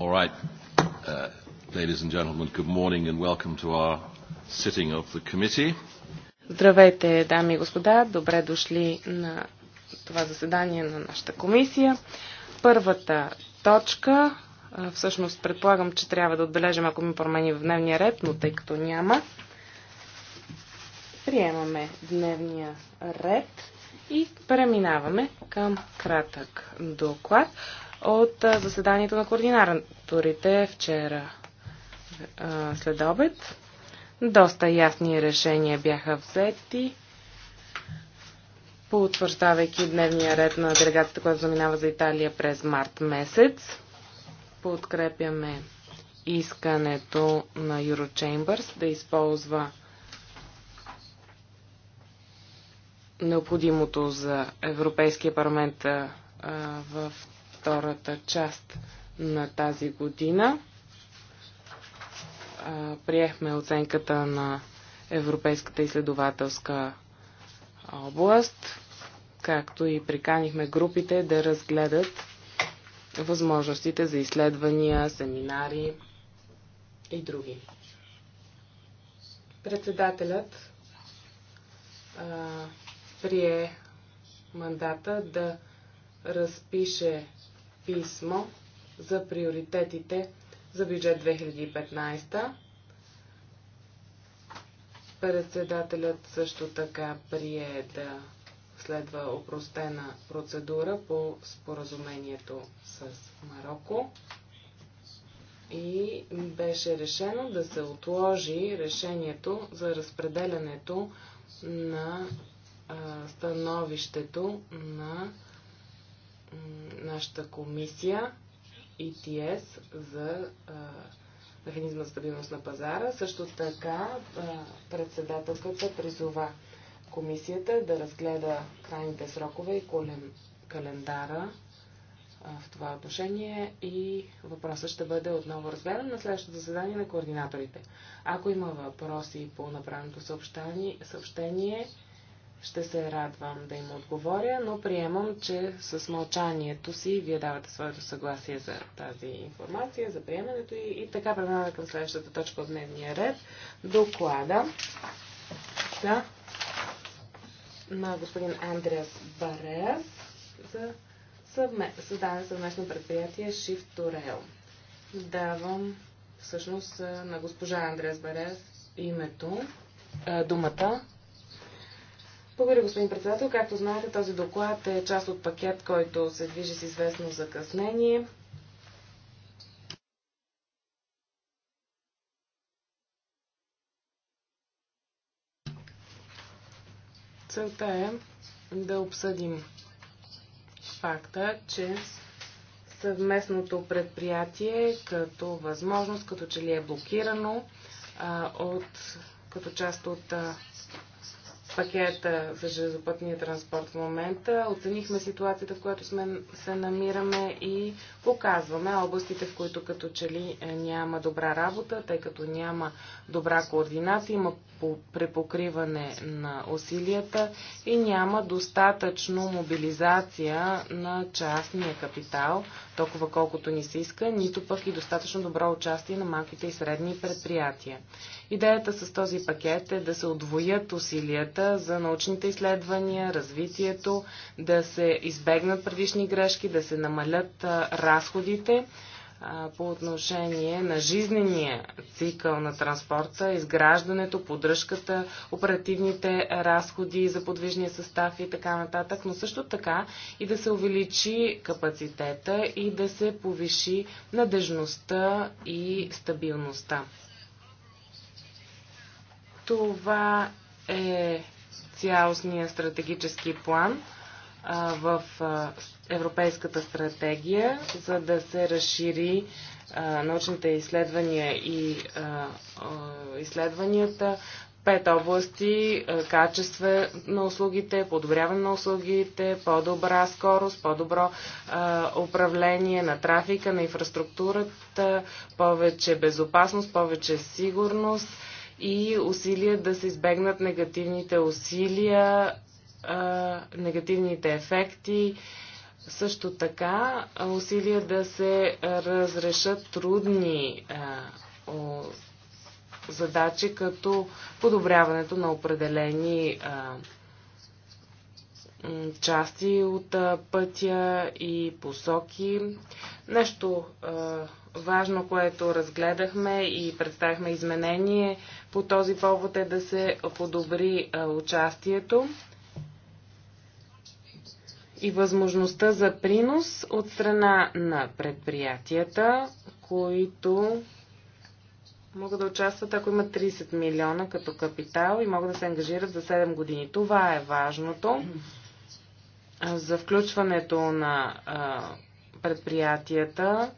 All right, uh, ladies and gentlemen, good morning and welcome to our sitting of the committee. Здравейте, дами и господа, добре дошли на това заседание на нашата комисия. Първата точка, всъщност предполагам, че трябва да отбележим, ако ми промени в дневния ред, но тъй като няма, приемаме дневния ред и преминаваме към кратък доклад от заседанието на координар координаторите вчера след обед. Доста ясни решения бяха взети, поутвърждавайки дневния ред на делегацията, която заминава за Италия през март месец. Подкрепяме искането на Eurochambers да използва необходимото за Европейския парламент а, във втората част на тази година. Приехме оценката на Европейската изследователска област, както и приканихме групите да разгледат възможностите за изследвания, семинари и други. Председателят а, прие мандата да разпише писмо за приоритетите за бюджет 2015. Председателят също така прие да следва опростена процедура по споразумението с Марокко и беше решено да се отложи решението за разпределянето на становището на нашата комисия ETS за механизма за стабилност на пазара. Също така председателката призова комисията да разгледа крайните срокове и календара в това отношение и въпросът ще бъде отново разгледан на следващото заседание на координаторите. Ако има въпроси по направеното съобщение, съобщение ще се радвам да им отговоря, но приемам, че с мълчанието си вие давате своето съгласие за тази информация, за приемането и, и така преминаваме към следващата точка от дневния ред. Доклада за на господин Андреас Бареас за съвме... създаване съвместно предприятие Shift to Rail. Давам всъщност на госпожа Андреас Бареас името, думата благодаря, господин председател. Както знаете, този доклад е част от пакет, който се движи с известно закъснение. Целта е да обсъдим факта, че съвместното предприятие като възможност, като че ли е блокирано а, от, като част от а, пакета за железопътния транспорт в момента. Оценихме ситуацията, в която сме, се намираме и показваме областите, в които като че ли е, няма добра работа, тъй като няма добра координация, има препокриване на усилията и няма достатъчно мобилизация на частния капитал, толкова колкото ни се иска, нито пък и достатъчно добро участие на малките и средни предприятия. Идеята с този пакет е да се отвоят усилията за научните изследвания, развитието, да се избегнат предишни грешки, да се намалят разходите по отношение на жизнения цикъл на транспорта, изграждането, поддръжката, оперативните разходи за подвижния състав и така нататък, но също така и да се увеличи капацитета и да се повиши надежността и стабилността. Това е цялостния стратегически план – в Европейската стратегия, за да се разшири научните изследвания и изследванията. Пет области – качество на услугите, подобряване на услугите, по-добра скорост, по-добро управление на трафика, на инфраструктурата, повече безопасност, повече сигурност и усилия да се избегнат негативните усилия а, негативните ефекти, също така усилия да се разрешат трудни а, о, задачи, като подобряването на определени а, части от а, пътя и посоки. Нещо а, важно, което разгледахме и представихме изменение по този повод е да се подобри а, участието и възможността за принос от страна на предприятията, които могат да участват, ако имат 30 милиона като капитал и могат да се ангажират за 7 години. Това е важното за включването на предприятията.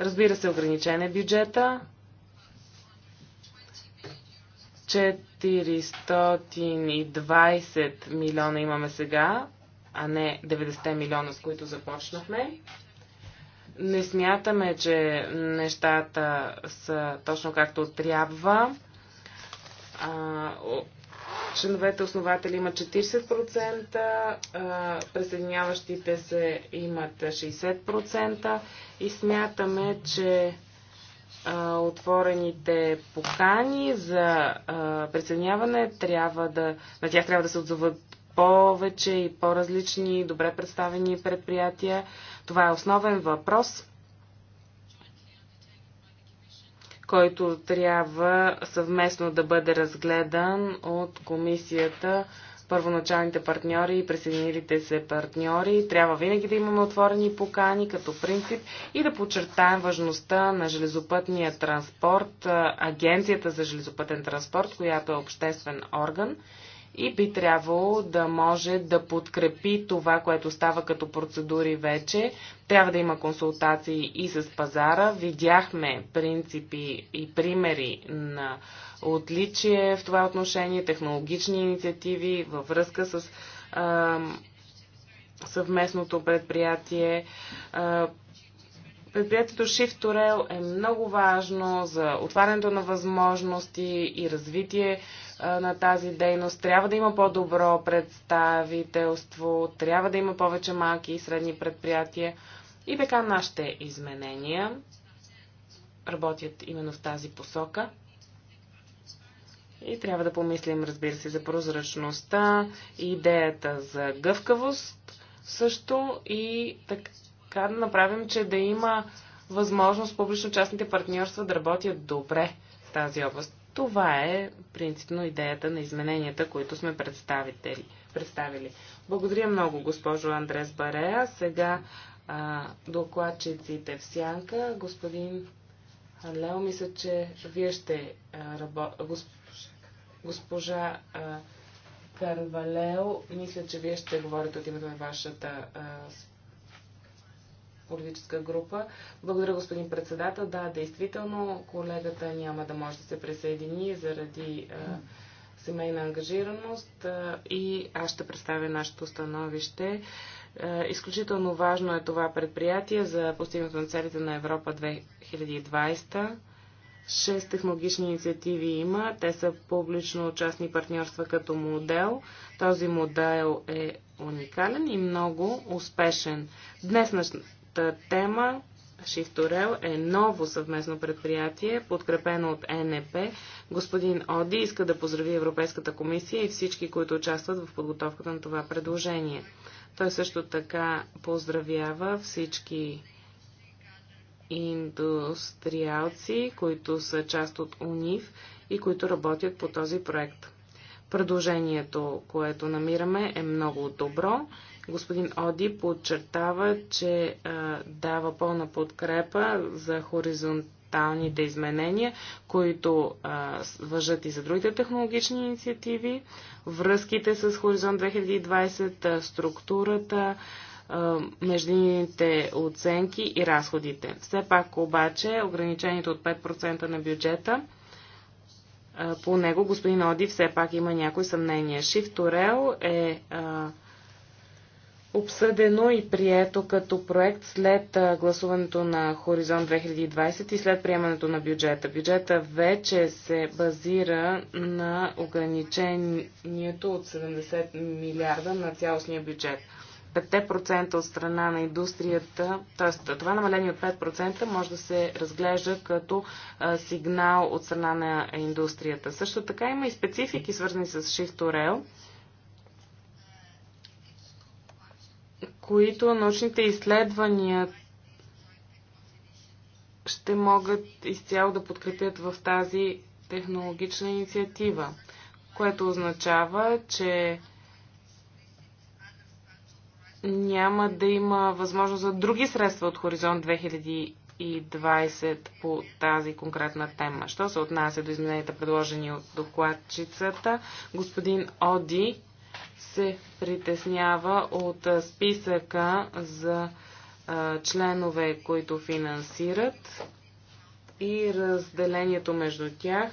Разбира се, ограничен е бюджета. 420 милиона имаме сега а не 90 милиона, с които започнахме. Не смятаме, че нещата са точно както трябва. А, членовете основатели имат 40%, а, присъединяващите се имат 60% и смятаме, че а, отворените покани за а, присъединяване трябва да, на тях трябва да се отзоват повече и по-различни, добре представени предприятия? Това е основен въпрос, който трябва съвместно да бъде разгледан от комисията първоначалните партньори и присъединилите се партньори. Трябва винаги да имаме отворени покани като принцип и да подчертаем важността на железопътния транспорт, агенцията за железопътен транспорт, която е обществен орган и би трябвало да може да подкрепи това, което става като процедури вече. Трябва да има консултации и с пазара. Видяхме принципи и примери на отличие в това отношение, технологични инициативи във връзка с съвместното предприятие. Предприятието Shift to Rail е много важно за отварянето на възможности и развитие на тази дейност, трябва да има по-добро представителство, трябва да има повече малки и средни предприятия. И така нашите изменения работят именно в тази посока. И трябва да помислим, разбира се, за прозрачността, идеята за гъвкавост също и така да направим, че да има възможност публично-частните партньорства да работят добре в тази област. Това е принципно идеята на измененията, които сме представили. Благодаря много, госпожо Андрес Барея. Сега а, докладчиците в сянка. Господин Лео, мисля, че вие ще работите. Госпожа а, Карвалео, мисля, че вие ще говорите от името на вашата а, политическа група. Благодаря, господин председател. Да, действително, колегата няма да може да се присъедини заради е, семейна ангажираност е, и аз ще представя нашето становище. Е, изключително важно е това предприятие за постигането на целите на Европа 2020. Шест технологични инициативи има. Те са публично-частни партньорства като модел. Този модел е уникален и много успешен. Днес тема Шифторел е ново съвместно предприятие, подкрепено от НЕП. Господин Оди иска да поздрави Европейската комисия и всички, които участват в подготовката на това предложение. Той също така поздравява всички индустриалци, които са част от УНИФ и които работят по този проект. Предложението, което намираме, е много добро Господин Оди подчертава, че а, дава пълна подкрепа за хоризонталните изменения, които а, въжат и за другите технологични инициативи, връзките с Хоризонт 2020, структурата, междинните оценки и разходите. Все пак обаче ограничението от 5% на бюджета по него господин Оди все пак има някои съмнения. Шифторел е а, обсъдено и прието като проект след гласуването на Хоризонт 2020 и след приемането на бюджета. Бюджета вече се базира на ограничението от 70 милиарда на цялостния бюджет. 5% от страна на индустрията, т.е. това намаление от 5% може да се разглежда като сигнал от страна на индустрията. Също така има и специфики, свързани с Shift които научните изследвания ще могат изцяло да подкрепят в тази технологична инициатива, което означава, че няма да има възможност за други средства от Хоризонт 2020 по тази конкретна тема. Що се отнася до измененията, предложени от докладчицата, господин Оди се притеснява от списъка за членове, които финансират и разделението между тях.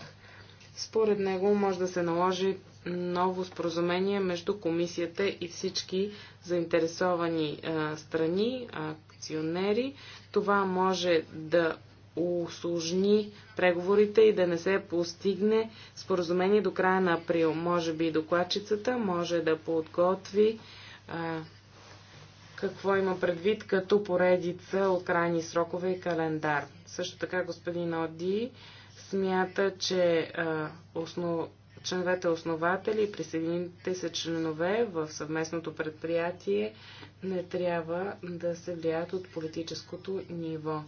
Според него може да се наложи ново споразумение между комисията и всички заинтересовани страни, акционери. Това може да усложни преговорите и да не се постигне споразумение до края на април. Може би докладчицата може да подготви а, какво има предвид като поредица от крайни срокове и календар. Също така господин Оди смята, че а, основ... членовете основатели и присъедините се членове в съвместното предприятие не трябва да се влияят от политическото ниво.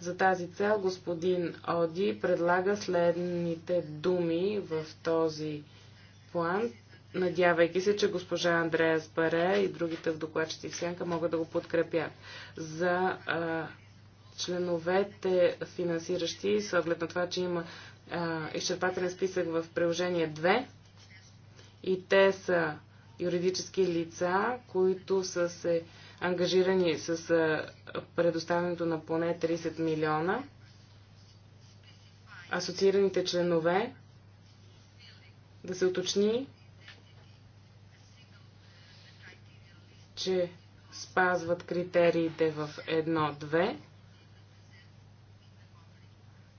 За тази цел господин Оди предлага следните думи в този план, надявайки се, че госпожа Андрея Баре и другите в докладчици в Сянка могат да го подкрепят. За а, членовете финансиращи, с оглед на това, че има а, изчерпателен списък в приложение 2, и те са юридически лица, които са се ангажирани с предоставянето на поне 30 милиона. Асоциираните членове да се уточни, че спазват критериите в 1-2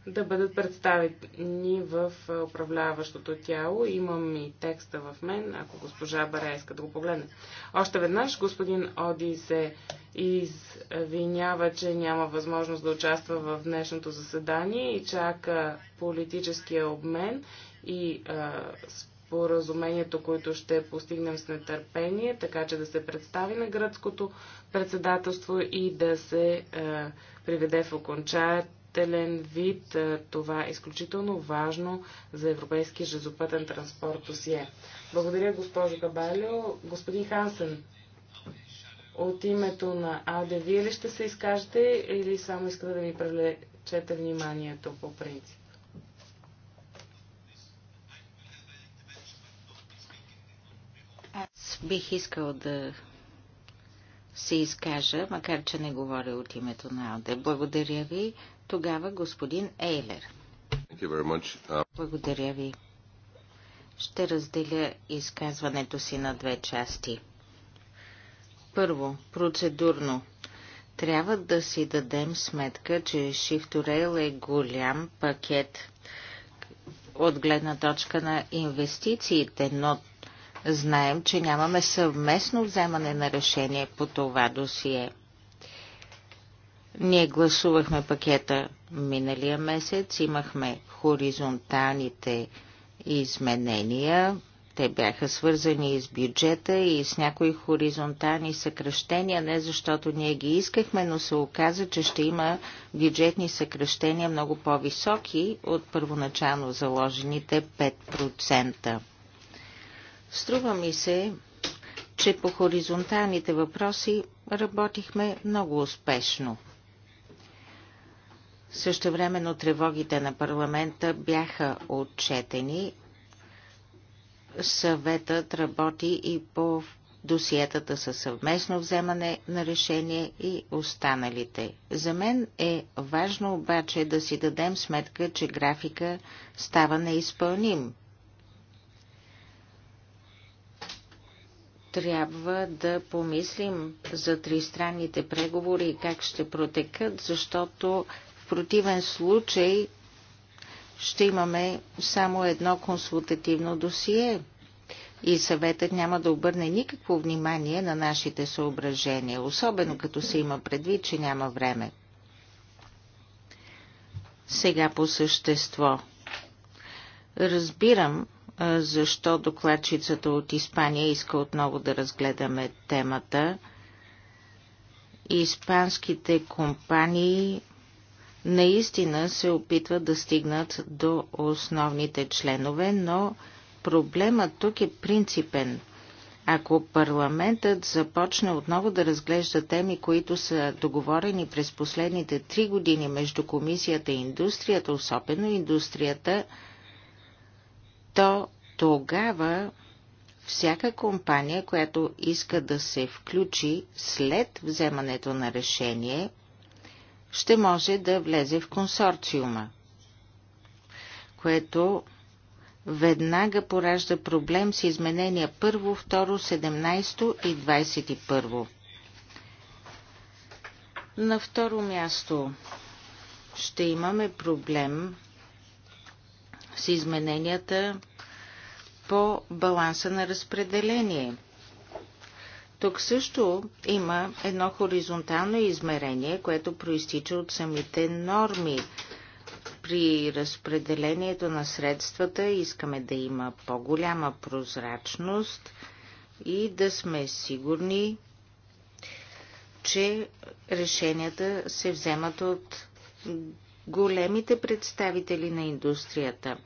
да бъдат представени в управляващото тяло. Имам и текста в мен, ако госпожа Бара иска да го погледне. Още веднъж господин Оди се извинява, че няма възможност да участва в днешното заседание и чака политическия обмен и а, споразумението, което ще постигнем с нетърпение, така че да се представи на гръцкото председателство и да се а, приведе в окончаят. Телен вид е, това е изключително важно за европейския железопътен транспорт досие. Благодаря, госпожо Габалио. Господин Хансен, от името на Аде, вие ли ще се изкажете или само искате да ви привлечете вниманието по принцип? Аз бих искал да се изкажа, макар че не говоря от името на Аде. Благодаря ви. Тогава господин Ейлер. Uh, Благодаря ви. Ще разделя изказването си на две части. Първо, процедурно. Трябва да си дадем сметка, че Shift Rail е голям пакет от гледна точка на инвестициите, но знаем, че нямаме съвместно вземане на решение по това досие. Ние гласувахме пакета миналия месец, имахме хоризонталните изменения, те бяха свързани и с бюджета и с някои хоризонтални съкръщения, не защото ние ги искахме, но се оказа, че ще има бюджетни съкръщения много по-високи от първоначално заложените 5%. Струва ми се, че по хоризонталните въпроси работихме много успешно – времено тревогите на парламента бяха отчетени. Съветът работи и по досиетата със съвместно вземане на решение и останалите. За мен е важно обаче да си дадем сметка, че графика става неизпълним. Трябва да помислим за тристранните преговори и как ще протекат, защото противен случай ще имаме само едно консултативно досие и съветът няма да обърне никакво внимание на нашите съображения, особено като се има предвид, че няма време. Сега по същество. Разбирам, защо докладчицата от Испания иска отново да разгледаме темата. Испанските компании наистина се опитват да стигнат до основните членове, но проблемът тук е принципен. Ако парламентът започне отново да разглежда теми, които са договорени през последните три години между комисията и индустрията, особено индустрията, то тогава всяка компания, която иска да се включи след вземането на решение, ще може да влезе в консорциума, което веднага поражда проблем с изменения 1, 2, 17 и 21. На второ място ще имаме проблем с измененията по баланса на разпределение – тук също има едно хоризонтално измерение, което проистича от самите норми. При разпределението на средствата искаме да има по-голяма прозрачност и да сме сигурни, че решенията се вземат от големите представители на индустрията.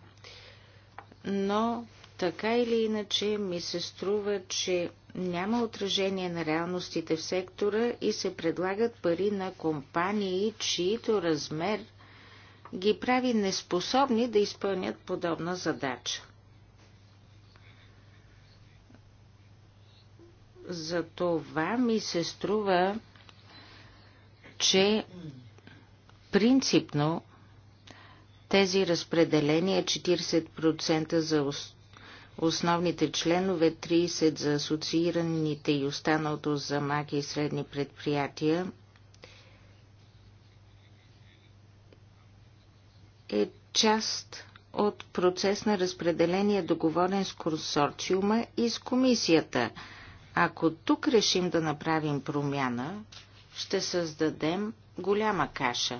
Но така или иначе ми се струва, че няма отражение на реалностите в сектора и се предлагат пари на компании, чието размер ги прави неспособни да изпълнят подобна задача. За това ми се струва, че принципно тези разпределения 40% за основните членове 30 за асоциираните и останалото за маки и средни предприятия е част от процес на разпределение, договорен с консорциума и с комисията. Ако тук решим да направим промяна, ще създадем голяма каша.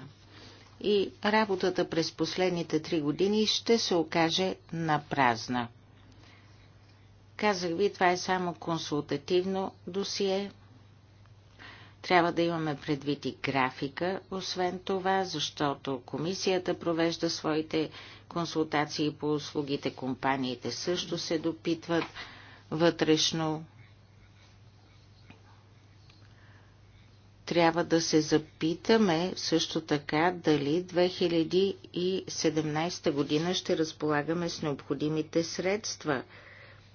И работата през последните три години ще се окаже на празна. Казах ви, това е само консултативно досие. Трябва да имаме предвид и графика, освен това, защото комисията провежда своите консултации по услугите, компаниите също се допитват вътрешно. Трябва да се запитаме също така дали 2017 година ще разполагаме с необходимите средства –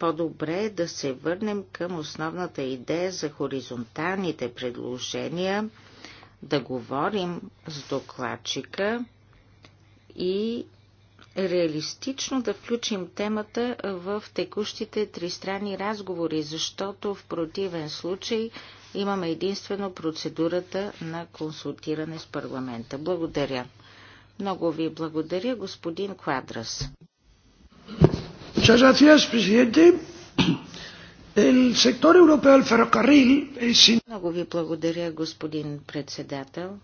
по-добре е да се върнем към основната идея за хоризонталните предложения, да говорим с докладчика и реалистично да включим темата в текущите тристранни разговори, защото в противен случай имаме единствено процедурата на консултиране с парламента. Благодаря. Много ви благодаря, господин Квадрас. Много ви благодаря, господин председател.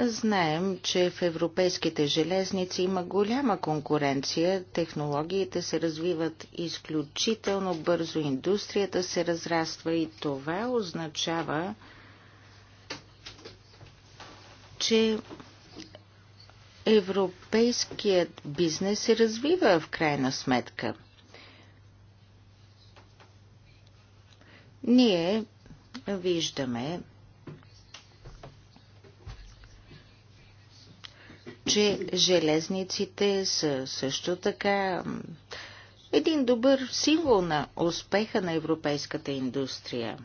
Знаем, че в европейските железници има голяма конкуренция, технологиите се развиват изключително бързо, индустрията се разраства и това означава, че европейският бизнес се развива в крайна сметка. Ние виждаме, че железниците са също така един добър символ на успеха на европейската индустрия.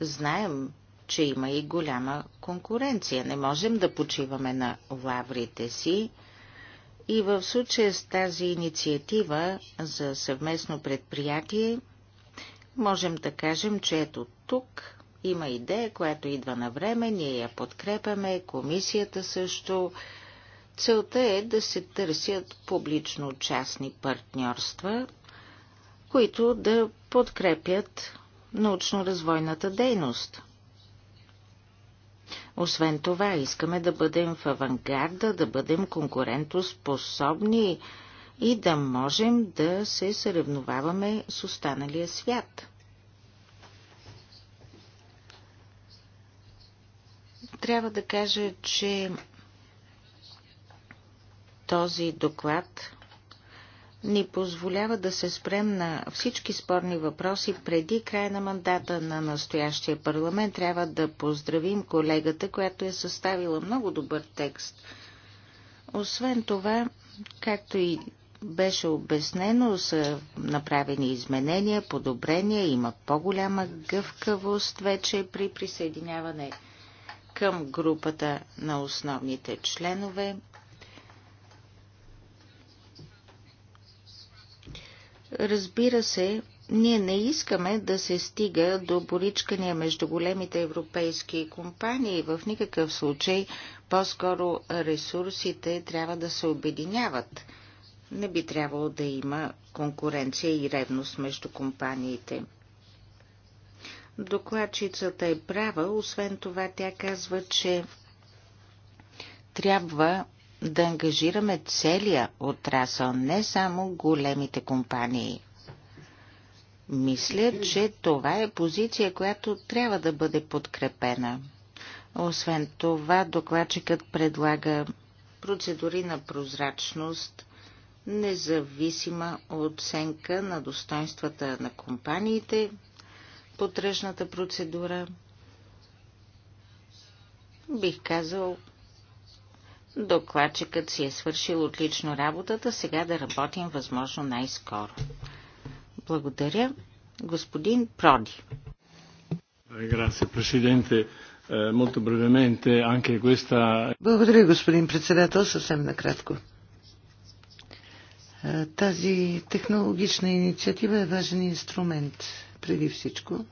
Знаем, че има и голяма конкуренция. Не можем да почиваме на лаврите си. И в случая с тази инициатива за съвместно предприятие, можем да кажем, че ето тук има идея, която идва на време, ние я подкрепяме, комисията също. Целта е да се търсят публично-частни партньорства, които да подкрепят научно-развойната дейност. Освен това, искаме да бъдем в авангарда, да бъдем конкурентоспособни и да можем да се съревноваваме с останалия свят. Трябва да кажа, че този доклад ни позволява да се спрем на всички спорни въпроси преди края на мандата на настоящия парламент. Трябва да поздравим колегата, която е съставила много добър текст. Освен това, както и беше обяснено, са направени изменения, подобрения, има по-голяма гъвкавост вече при присъединяване към групата на основните членове. Разбира се, ние не искаме да се стига до боричкания между големите европейски компании. В никакъв случай по-скоро ресурсите трябва да се обединяват. Не би трябвало да има конкуренция и ревност между компаниите. Докладчицата е права, освен това тя казва, че трябва да ангажираме целия отрасъл, не само големите компании. Мисля, че това е позиция, която трябва да бъде подкрепена. Освен това, докладчикът предлага процедури на прозрачност, независима оценка на достоинствата на компаниите потръжната процедура. Бих казал, Докладчикът си е свършил отлично работата, сега да работим възможно най-скоро. Благодаря. Господин Проди. Grazie, Presidente. Molto brevemente, anche questa... Благодаря, господин председател, съвсем накратко. Е, тази технологична инициатива е важен инструмент преди всичко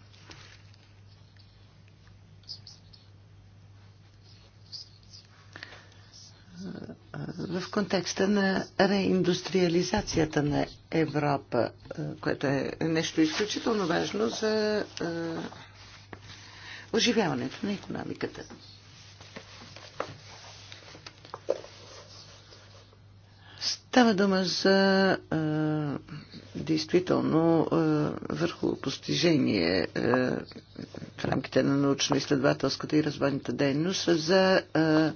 в контекста на реиндустриализацията на Европа, което е нещо изключително важно за оживяването на економиката. Става дума за а, действително а, върху постижение а, в рамките на научно-изследователската и развойната дейност за а,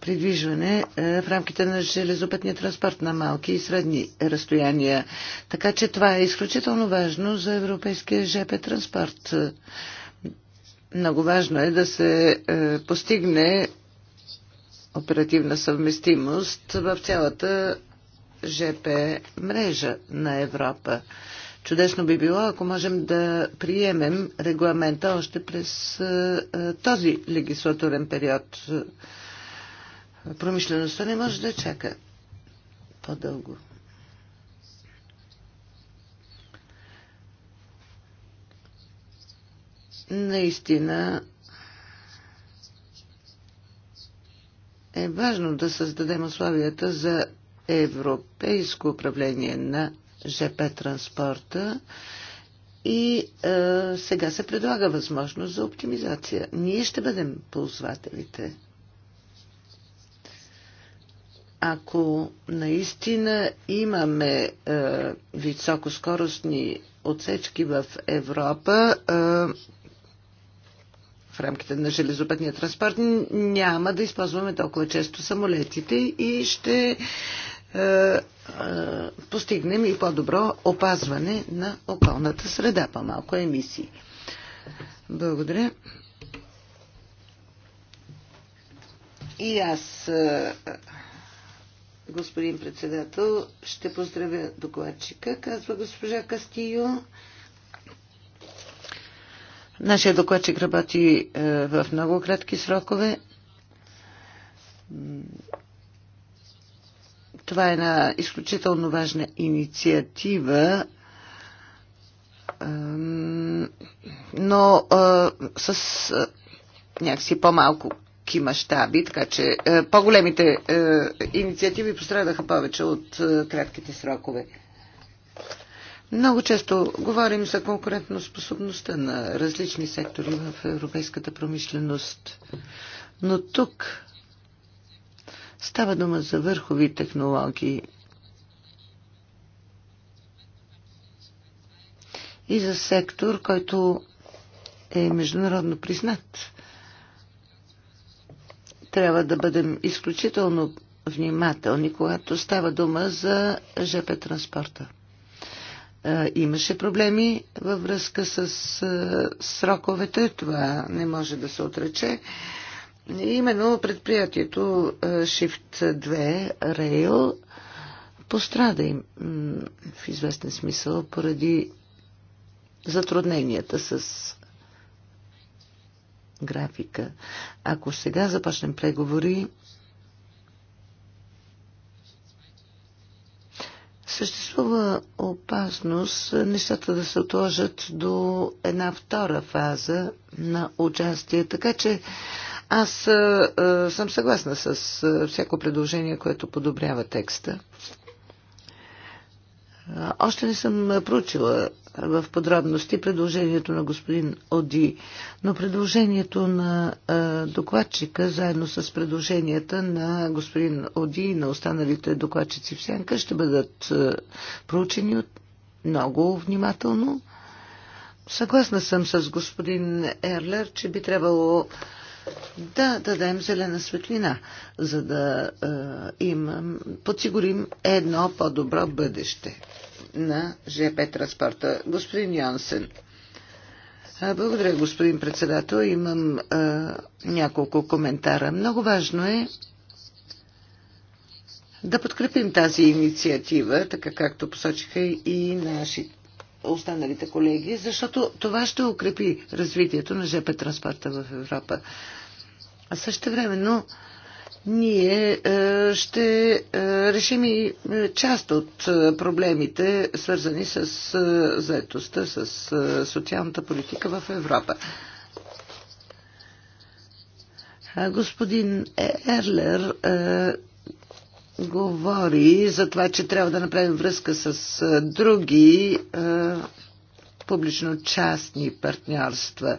придвижване е, в рамките на железопътния транспорт на малки и средни разстояния. Така че това е изключително важно за европейския ЖП транспорт. Много важно е да се е, постигне оперативна съвместимост в цялата ЖП мрежа на Европа. Чудесно би било, ако можем да приемем регламента още през е, този легислатурен период. Промишлеността не може да чака по-дълго. Наистина е важно да създадем условията за европейско управление на ЖП транспорта и е, сега се предлага възможност за оптимизация. Ние ще бъдем ползвателите ако наистина имаме е, високоскоростни отсечки в Европа, е, в рамките на железопътния транспорт, няма да използваме толкова често самолетите и ще е, е, постигнем и по-добро опазване на околната среда, по-малко емисии. Благодаря. И аз е, господин председател. Ще поздравя докладчика, казва госпожа Кастио. Нашия докладчик работи е, в много кратки срокове. Това е една изключително важна инициатива, но е, с е, някакси по-малко малки мащаби, така че е, по-големите е, инициативи пострадаха повече от е, кратките срокове. Много често говорим за способността на различни сектори в европейската промишленост, но тук става дума за върхови технологии и за сектор, който е международно признат трябва да бъдем изключително внимателни, когато става дума за ЖП транспорта. Е, имаше проблеми във връзка с е, сроковете, това не може да се отрече. Именно предприятието е, Shift 2 Rail пострада им в известен смисъл поради затрудненията с графика. Ако сега започнем преговори, Съществува опасност нещата да се отложат до една втора фаза на участие. Така че аз съм съгласна с всяко предложение, което подобрява текста. Още не съм проучила в подробности предложението на господин Оди, но предложението на докладчика, заедно с предложенията на господин Оди и на останалите докладчици в Сянка, ще бъдат проучени много внимателно. Съгласна съм с господин Ерлер, че би трябвало да дадем зелена светлина, за да е, им подсигурим едно по-добро бъдеще на ЖП транспорта. Господин Йонсен. Благодаря, господин председател. Имам а, няколко коментара. Много важно е да подкрепим тази инициатива, така както посочиха и нашите останалите колеги, защото това ще укрепи развитието на ЖП транспорта в Европа. А също времено, но ние е, ще е, решим и е, част от проблемите, свързани с заетостта, с социалната политика в Европа. Господин Ерлер говори за това, че трябва да направим връзка с други публично-частни партньорства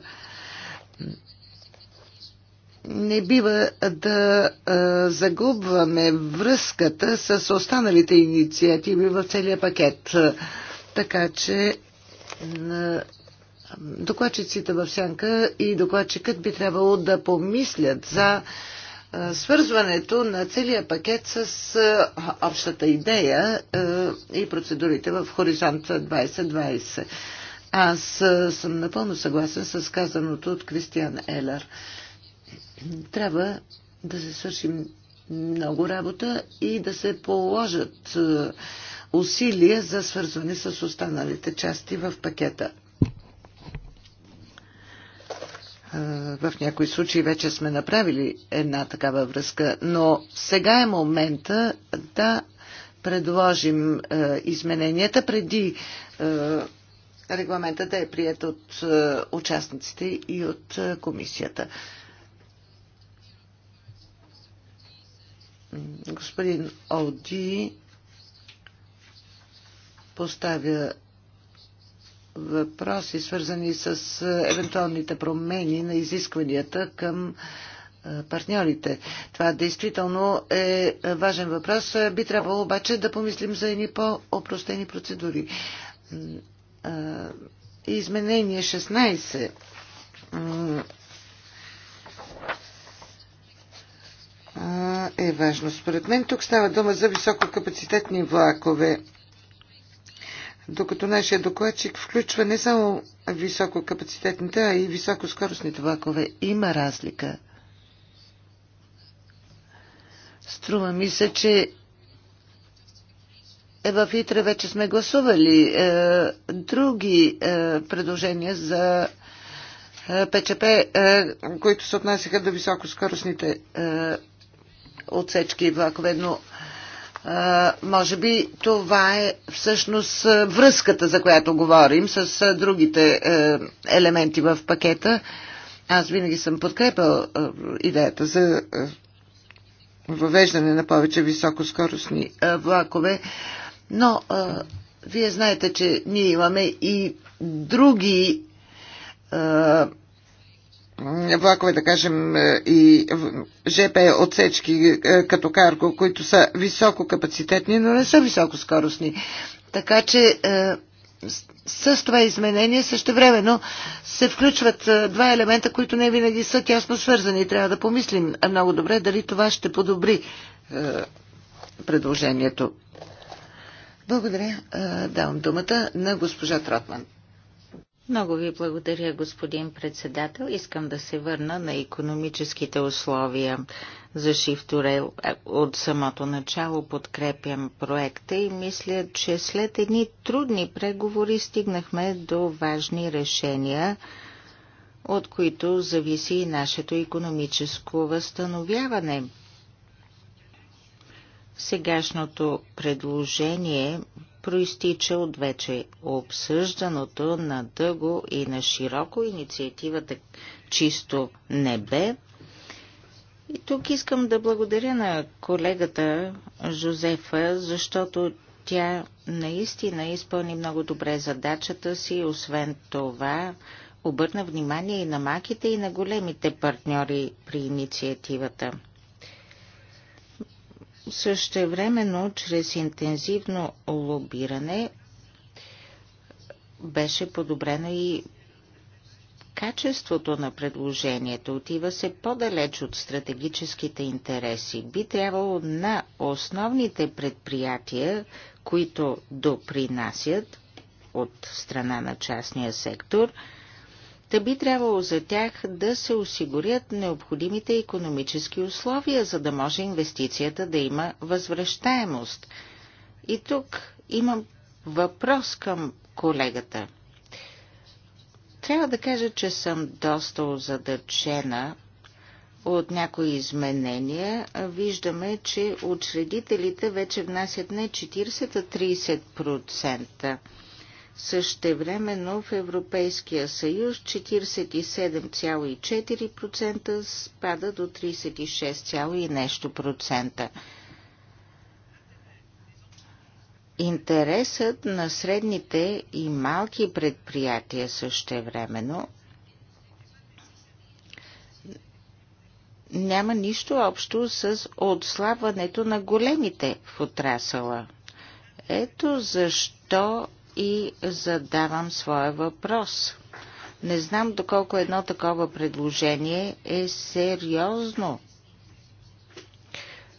не бива да а, загубваме връзката с останалите инициативи в целия пакет. Така че докладчиците в Сянка и докладчикът би трябвало да помислят за а, свързването на целия пакет с а, общата идея а, и процедурите в Хоризонт 2020. Аз съм напълно съгласен с казаното от Кристиан Елер. Трябва да се свърши много работа и да се положат е, усилия за свързване с останалите части в пакета. Е, в някои случаи вече сме направили една такава връзка, но сега е момента да предложим е, измененията преди регламента да е прият от участниците и от комисията. господин Оди поставя въпроси, свързани с е, евентуалните промени на изискванията към е, партньорите. Това действително е важен въпрос. Би трябвало обаче да помислим за едни по-опростени процедури. Е, изменение 16 е важно. Според мен тук става дума за висококапацитетни влакове. Докато нашия докладчик включва не само висококапацитетните, а и високоскоростните влакове. Има разлика. Струва ми се, че е, в Итре вече сме гласували е, други е, предложения за е, ПЧП, е, които се отнасяха до високоскоростните е, отсечки и влакове, но може би това е всъщност връзката, за която говорим с другите елементи в пакета. Аз винаги съм подкрепил идеята за въвеждане на повече високоскоростни влакове, но вие знаете, че ние имаме и други влакове, да кажем, е, и ЖП отсечки е, като карго, които са високо капацитетни, но не са високо скоростни. Така че е, с това изменение също времено се включват два елемента, които не винаги са тясно свързани. Трябва да помислим много добре дали това ще подобри предложението. Благодаря. Давам думата на госпожа Тротман. Много ви благодаря, господин председател. Искам да се върна на економическите условия за Шифтурел. От самото начало подкрепям проекта и мисля, че след едни трудни преговори стигнахме до важни решения, от които зависи и нашето економическо възстановяване. Сегашното предложение проистича от вече обсъжданото на дълго и на широко инициативата Чисто небе. И тук искам да благодаря на колегата Жозефа, защото тя наистина изпълни много добре задачата си, освен това обърна внимание и на маките и на големите партньори при инициативата. Същевременно, чрез интензивно лобиране, беше подобрено и качеството на предложението отива се по-далеч от стратегическите интереси. Би трябвало на основните предприятия, които допринасят от страна на частния сектор – Та би трябвало за тях да се осигурят необходимите економически условия, за да може инвестицията да има възвръщаемост. И тук имам въпрос към колегата. Трябва да кажа, че съм доста озадачена от някои изменения. Виждаме, че учредителите вече внасят не 40-30%. Същевременно в Европейския съюз 47,4% спада до 36, нещо процента. Интересът на средните и малки предприятия същевременно няма нищо общо с отслабването на големите в отрасъла. Ето защо и задавам своя въпрос. Не знам доколко едно такова предложение е сериозно.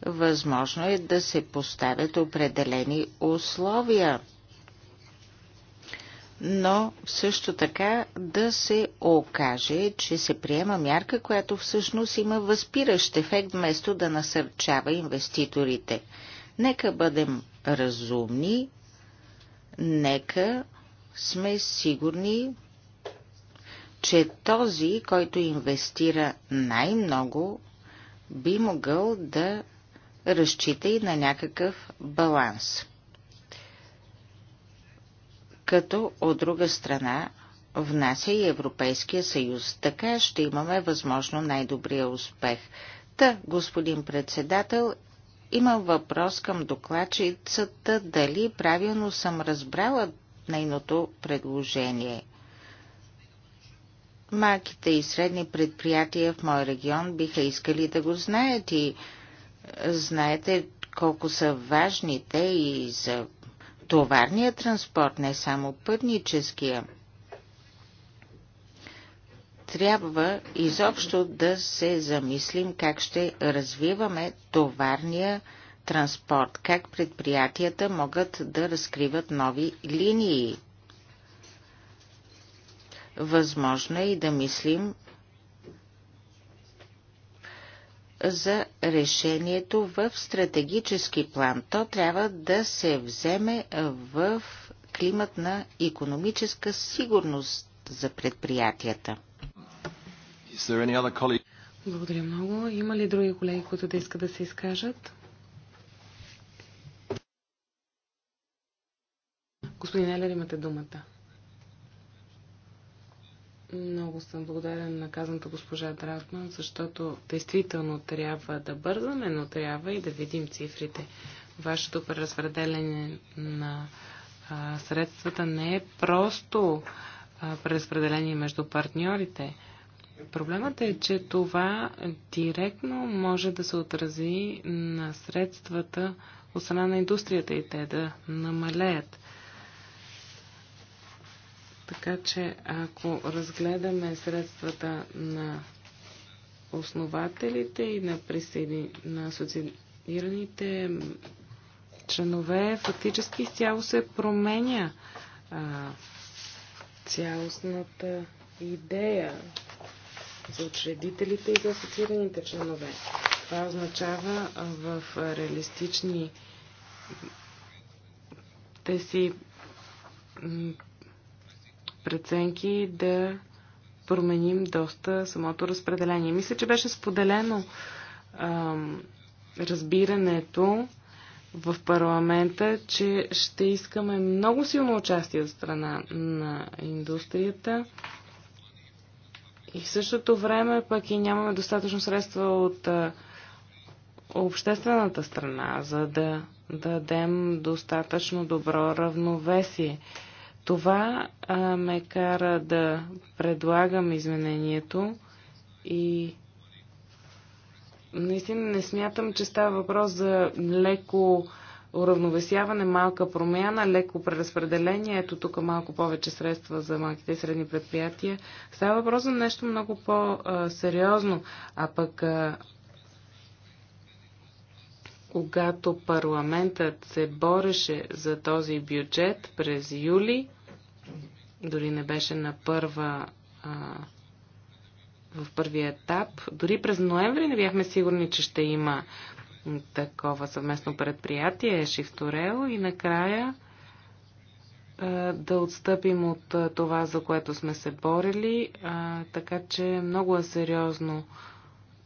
Възможно е да се поставят определени условия, но също така да се окаже, че се приема мярка, която всъщност има възпиращ ефект, вместо да насърчава инвеститорите. Нека бъдем разумни нека сме сигурни, че този, който инвестира най-много, би могъл да разчита и на някакъв баланс. Като от друга страна внася и Европейския съюз. Така ще имаме възможно най-добрия успех. Та, господин председател, Имам въпрос към докладчицата дали правилно съм разбрала нейното предложение. Малките и средни предприятия в мой регион биха искали да го знаят и е, знаете колко са важни те и за товарния транспорт, не само пътническия трябва изобщо да се замислим как ще развиваме товарния транспорт, как предприятията могат да разкриват нови линии. Възможно е и да мислим за решението в стратегически план. То трябва да се вземе в климат на економическа сигурност за предприятията. Благодаря много. Има ли други колеги, които да искат да се изкажат? Господин Елер, имате думата. Много съм благодарен на казаната госпожа Драфман, защото действително трябва да бързаме, но трябва и да видим цифрите. Вашето преразпределение на а, средствата не е просто а, преразпределение между партньорите. Проблемът е, че това директно може да се отрази на средствата от страна на индустрията и те да намалеят. Така че ако разгледаме средствата на основателите и на, присъедин... на асоциираните членове, фактически изцяло се променя а, цялостната идея за учредителите и за асоциираните членове. Това означава в реалистични те си преценки да променим доста самото разпределение. Мисля, че беше споделено ам, разбирането в парламента, че ще искаме много силно участие от страна на индустрията и в същото време пък и нямаме достатъчно средства от а, обществената страна, за да, да дадем достатъчно добро равновесие. Това а, ме кара да предлагам изменението и наистина не смятам, че става въпрос за леко уравновесяване, малка промяна, леко преразпределение. Ето тук малко повече средства за малките и средни предприятия. Става въпрос за нещо много по-сериозно. А пък когато парламентът се бореше за този бюджет през юли, дори не беше на първа в първия етап. Дори през ноември не бяхме сигурни, че ще има такова съвместно предприятие, Шифторел, и накрая да отстъпим от това, за което сме се борили. Така че много е сериозно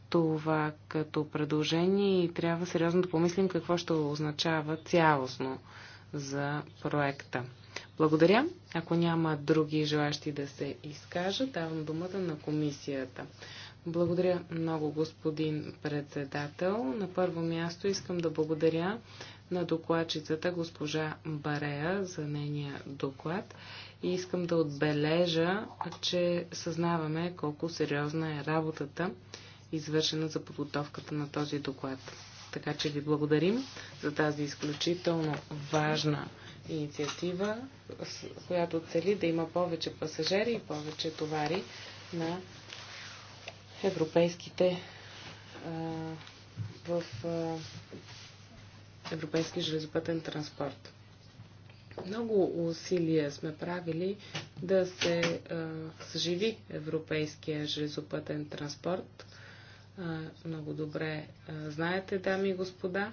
това като предложение и трябва сериозно да помислим какво ще означава цялостно за проекта. Благодаря. Ако няма други желащи да се изкажат, давам думата на комисията. Благодаря много, господин председател. На първо място искам да благодаря на докладчицата госпожа Барея за нейния доклад и искам да отбележа, че съзнаваме колко сериозна е работата, извършена за подготовката на този доклад. Така че ви благодарим за тази изключително важна инициатива, която цели да има повече пасажери и повече товари на европейските в европейски железопътен транспорт. Много усилия сме правили да се а, съживи европейския железопътен транспорт. А, много добре а, знаете, дами и господа,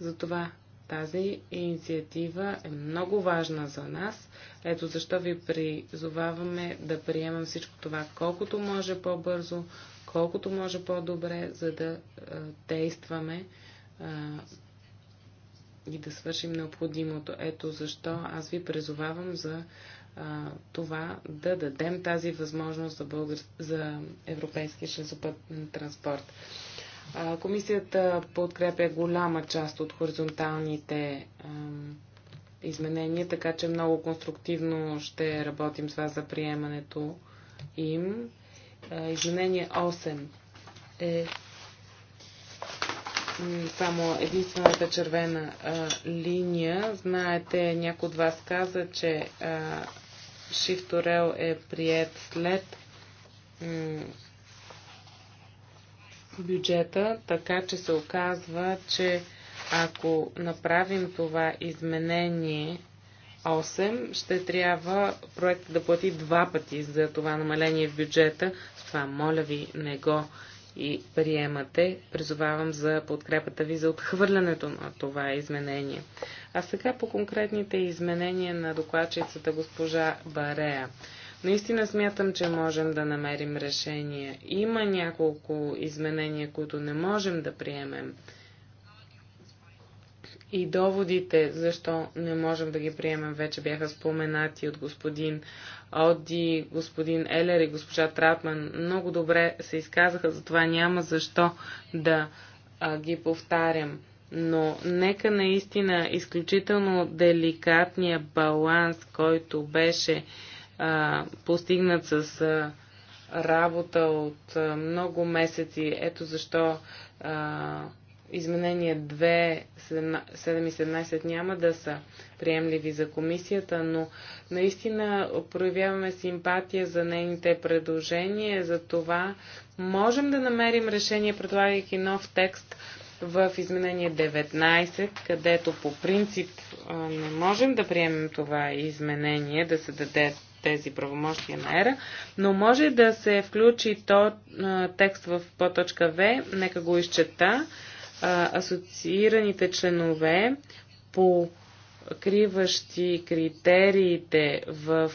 затова тази инициатива е много важна за нас. Ето защо ви призоваваме да приемам всичко това колкото може по-бързо, колкото може по-добре, за да действаме и да свършим необходимото. Ето защо аз ви призовавам за а, това да дадем тази възможност за, българ... за европейски шлезопътен транспорт. А, комисията подкрепя голяма част от хоризонталните а, изменения, така че много конструктивно ще работим с вас за приемането им. Изменение 8 е само единствената червена а, линия. Знаете, някой от вас каза, че а, Шифторел е прият след бюджета, така че се оказва, че ако направим това изменение 8, ще трябва проектът да плати два пъти за това намаление в бюджета, това. Моля ви, не го и приемате. Призовавам за подкрепата ви за отхвърлянето на това изменение. А сега по конкретните изменения на докладчицата госпожа Барея. Наистина смятам, че можем да намерим решение. Има няколко изменения, които не можем да приемем. И доводите, защо не можем да ги приемем, вече бяха споменати от господин Оди, господин Елер и госпожа Трапман много добре се изказаха, затова няма защо да а, ги повтарям. Но нека наистина изключително деликатния баланс, който беше а, постигнат с а, работа от а, много месеци, ето защо а, Изменения 2, 7 и 17 няма да са приемливи за комисията, но наистина проявяваме симпатия за нейните предложения, за това можем да намерим решение, предлагайки нов текст в изменение 19, където по принцип не можем да приемем това изменение, да се даде тези правомощия на ЕРА, но може да се включи то, текст в по точка В, нека го изчета а, асоциираните членове, покриващи критериите в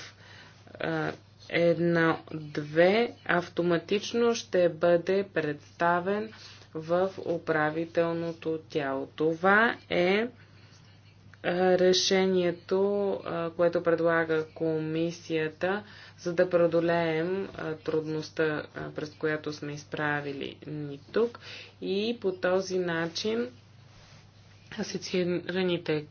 а, една-две, автоматично ще бъде представен в управителното тяло. Това е е, решението, е, което предлага комисията, за да преодолеем е, трудността, през която сме изправили ни тук и по този начин асоциираните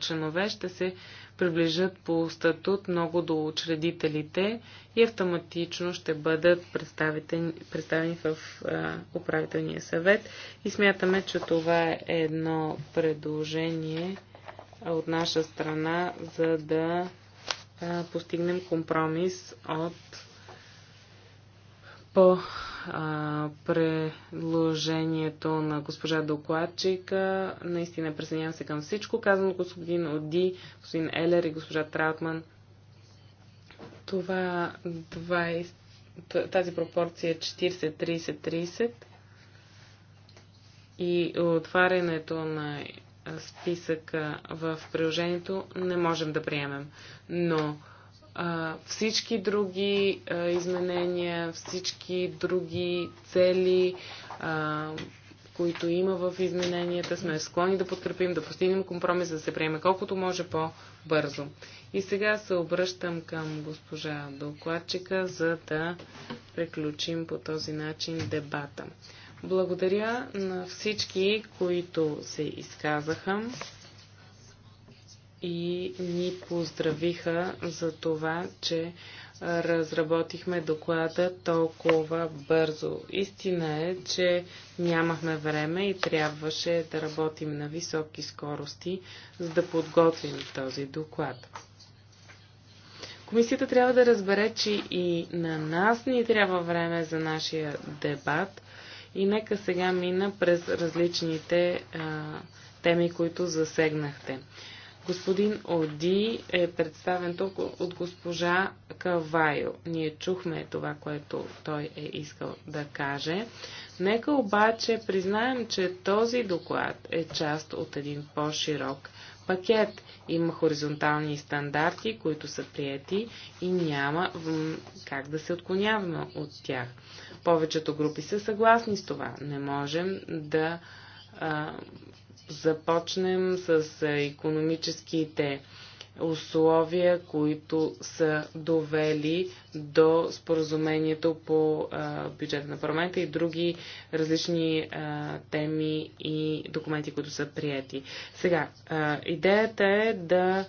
членове ще се приближат по статут много до учредителите и автоматично ще бъдат представени в управителния съвет. И смятаме, че това е едно предложение, от наша страна, за да постигнем компромис от по предложението на госпожа докладчика. Наистина присъединявам се към всичко, казано господин Оди, господин Елер и госпожа Траутман. Това 20, тази пропорция е 40-30-30 и отварянето на списъка в приложението не можем да приемем. Но всички други изменения, всички други цели, които има в измененията, сме склонни да подкрепим, да постигнем компромис, да се приеме колкото може по-бързо. И сега се обръщам към госпожа докладчика, за да приключим по този начин дебата. Благодаря на всички, които се изказаха и ни поздравиха за това, че разработихме доклада толкова бързо. Истина е, че нямахме време и трябваше да работим на високи скорости, за да подготвим този доклад. Комисията трябва да разбере, че и на нас ни трябва време за нашия дебат и нека сега мина през различните а, теми, които засегнахте. Господин Оди е представен тук от госпожа Кавайо. Ние чухме това, което той е искал да каже. Нека обаче признаем, че този доклад е част от един по-широк пакет. Има хоризонтални стандарти, които са приети и няма как да се отклоняваме от тях. Повечето групи са съгласни с това. Не можем да а, започнем с економическите условия, които са довели до споразумението по а, бюджета на парламента и други различни а, теми и документи, които са прияти. Сега, а, идеята е да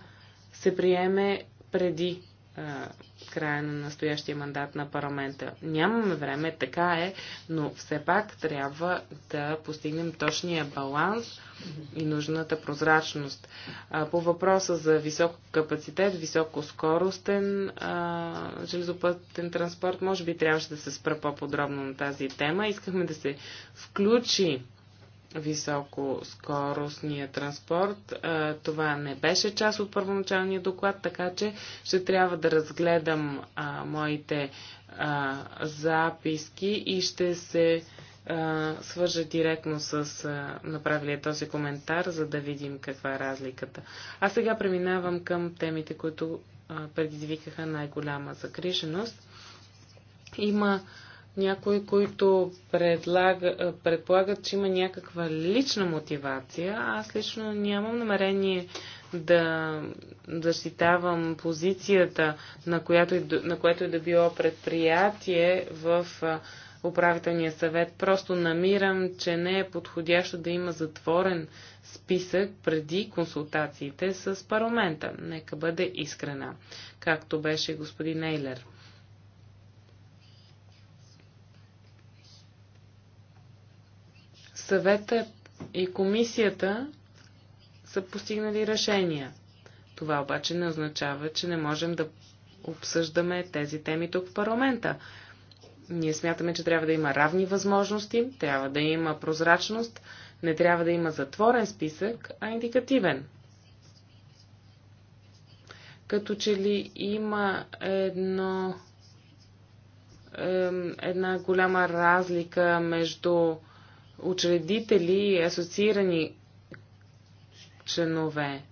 се приеме преди а, края на настоящия мандат на парламента. Нямаме време, така е, но все пак трябва да постигнем точния баланс и нужната прозрачност. А, по въпроса за висок капацитет, високоскоростен а, железопътен транспорт, може би трябваше да се спра по-подробно на тази тема. Искахме да се включи високоскоростния транспорт. Това не беше част от първоначалния доклад, така че ще трябва да разгледам моите записки и ще се свържа директно с направилия този коментар, за да видим каква е разликата. А сега преминавам към темите, които предизвикаха най-голяма загриженост. Има някои, които предлага, предполагат, че има някаква лична мотивация. Аз лично нямам намерение да защитавам позицията на, която, на което е да било предприятие в управителния съвет. Просто намирам, че не е подходящо да има затворен списък преди консултациите с парламента. Нека бъде искрена, както беше господин Ейлер. съвета и комисията са постигнали решения. Това обаче не означава, че не можем да обсъждаме тези теми тук в парламента. Ние смятаме, че трябва да има равни възможности, трябва да има прозрачност, не трябва да има затворен списък, а индикативен. Като че ли има едно, една голяма разлика между учредители и асоциирани членове.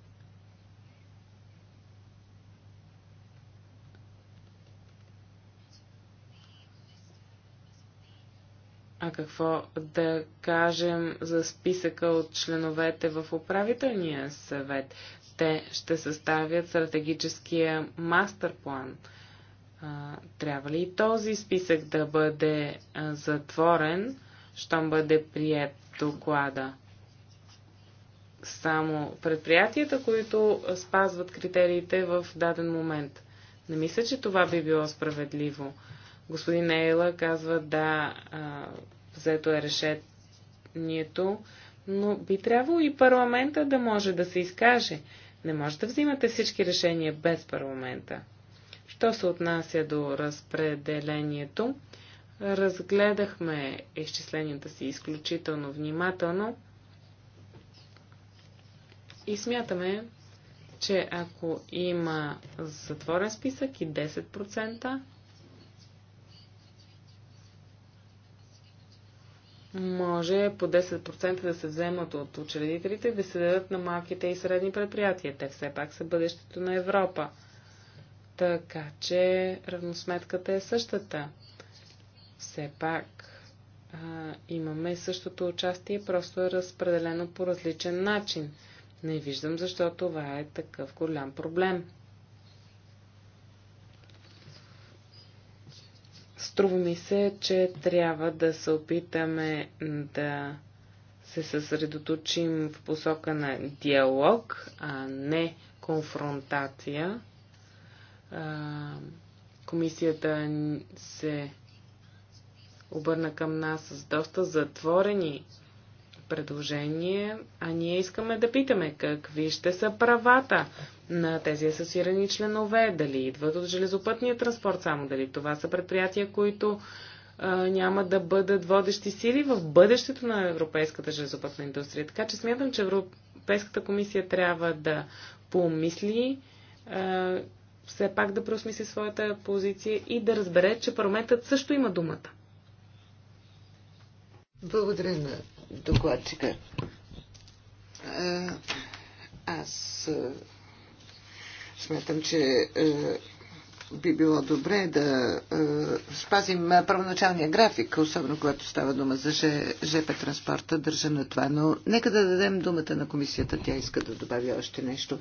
А какво да кажем за списъка от членовете в управителния съвет? Те ще съставят стратегическия мастер план. Трябва ли и този списък да бъде затворен? щом бъде прият доклада. Само предприятията, които спазват критериите в даден момент. Не мисля, че това би било справедливо. Господин Ейла казва, да, взето е решението, но би трябвало и парламента да може да се изкаже. Не може да взимате всички решения без парламента. Що се отнася до разпределението, Разгледахме изчисленията си изключително внимателно и смятаме, че ако има затворен списък и 10%, може по 10% да се вземат от учредителите и да се дадат на малките и средни предприятия. Те все пак са бъдещето на Европа. Така че равносметката е същата все пак а, имаме същото участие, просто е разпределено по различен начин. Не виждам защо това е такъв голям проблем. Струва ми се, че трябва да се опитаме да се съсредоточим в посока на диалог, а не конфронтация. Комисията се обърна към нас с доста затворени предложения, а ние искаме да питаме какви ще са правата на тези асоциирани членове, дали идват от железопътния транспорт само, дали това са предприятия, които а, няма да бъдат водещи сили в бъдещето на европейската железопътна индустрия. Така че смятам, че Европейската комисия трябва да помисли а, все пак да преосмисли своята позиция и да разбере, че парламентът също има думата. Благодаря на докладчика. Аз смятам, че би било добре да спазим първоначалния график, особено когато става дума за ЖП транспорта, държа на това. Но нека да дадем думата на комисията, тя иска да добави още нещо.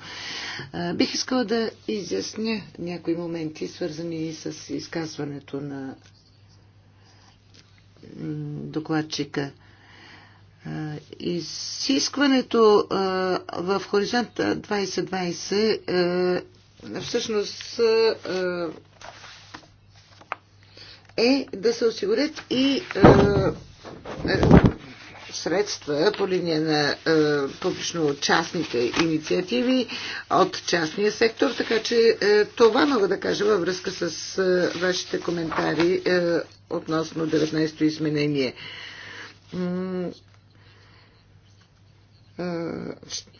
бих искала да изясня някои моменти, свързани с изказването на докладчика. Изискването в Хоризонт 2020 всъщност е да се осигурят и средства по линия на е, публично-частните инициативи от частния сектор, така че е, това мога да кажа във връзка с е, вашите коментари относно 19-то изменение.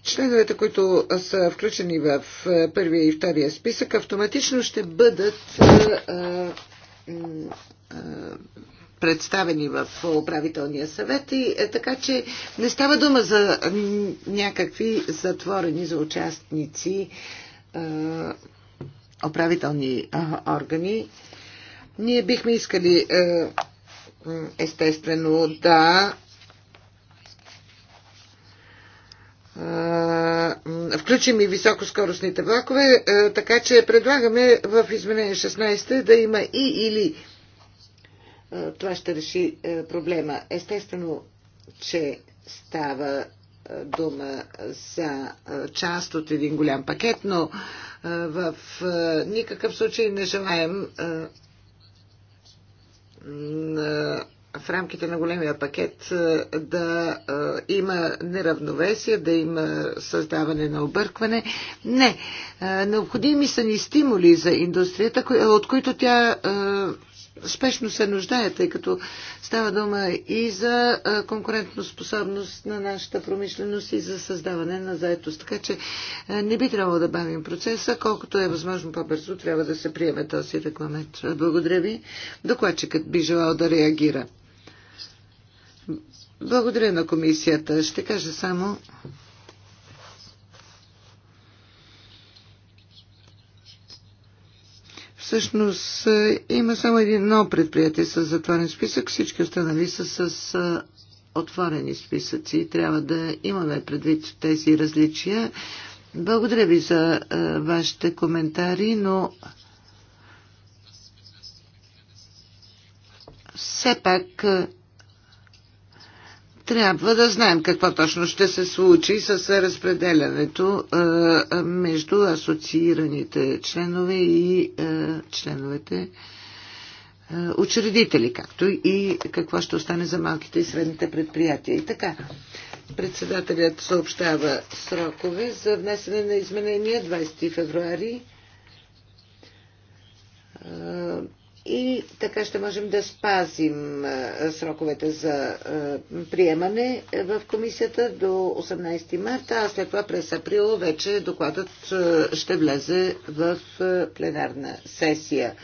Членовете, които са включени в първия и втория списък, автоматично ще бъдат представени в управителния съвет. И, е, така че не става дума за някакви затворени за участници е, управителни органи. Ние бихме искали е, естествено да включим и високоскоростните влакове, така че предлагаме в изменение 16 да има и или това ще реши е, проблема. Естествено, че става е, дума за е, част от един голям пакет, но в никакъв случай не желаем в рамките на големия пакет да има неравновесие, да има създаване на объркване. Не. Необходими са ни стимули за индустрията, от които тя спешно се нуждае, тъй като става дума и за конкурентоспособност на нашата промишленост и за създаване на заедност. Така че не би трябвало да бавим процеса, колкото е възможно по-бързо трябва да се приеме този регламент. Благодаря ви. Докладчикът би желал да реагира. Благодаря на комисията. Ще кажа само, Всъщност е, има само едно предприятие с затворен списък, всички останали са с е, отворени списъци и трябва да имаме предвид тези различия. Благодаря ви за е, вашите коментари, но все пак трябва да знаем какво точно ще се случи с разпределянето е, е, между асоциираните членове и е, членовете учредители, както и какво ще остане за малките и средните предприятия. И така, председателят съобщава срокове за внесене на изменения 20 февруари и така ще можем да спазим сроковете за приемане в комисията до 18 марта, а след това през април вече докладът ще влезе в пленарна сесия.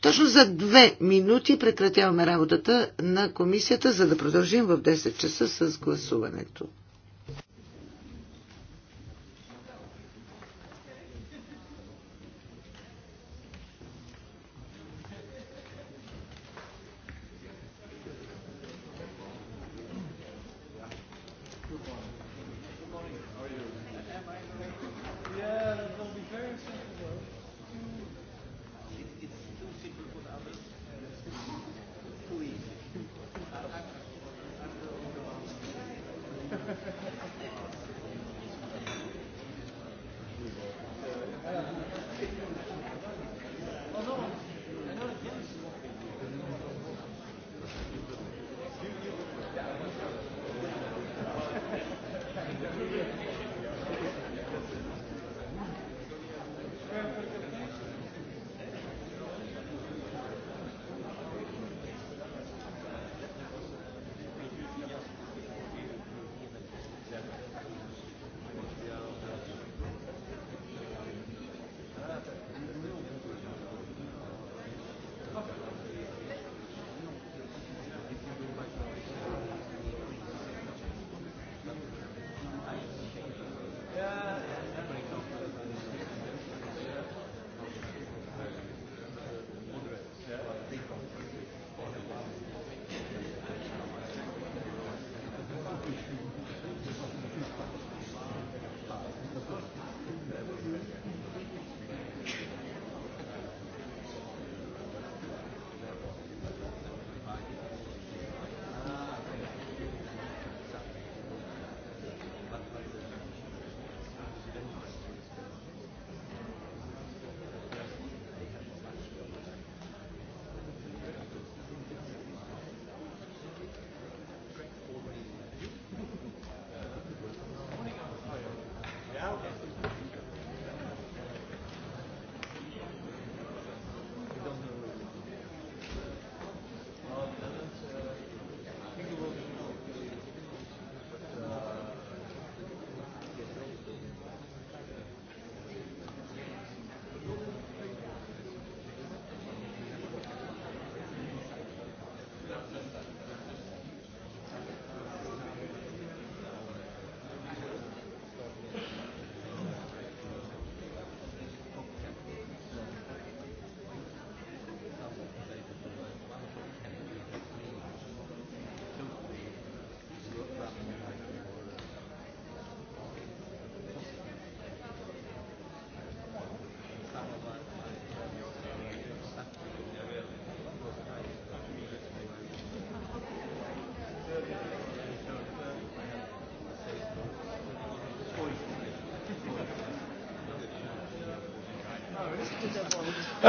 Точно за две минути прекратяваме работата на комисията, за да продължим в 10 часа с гласуването.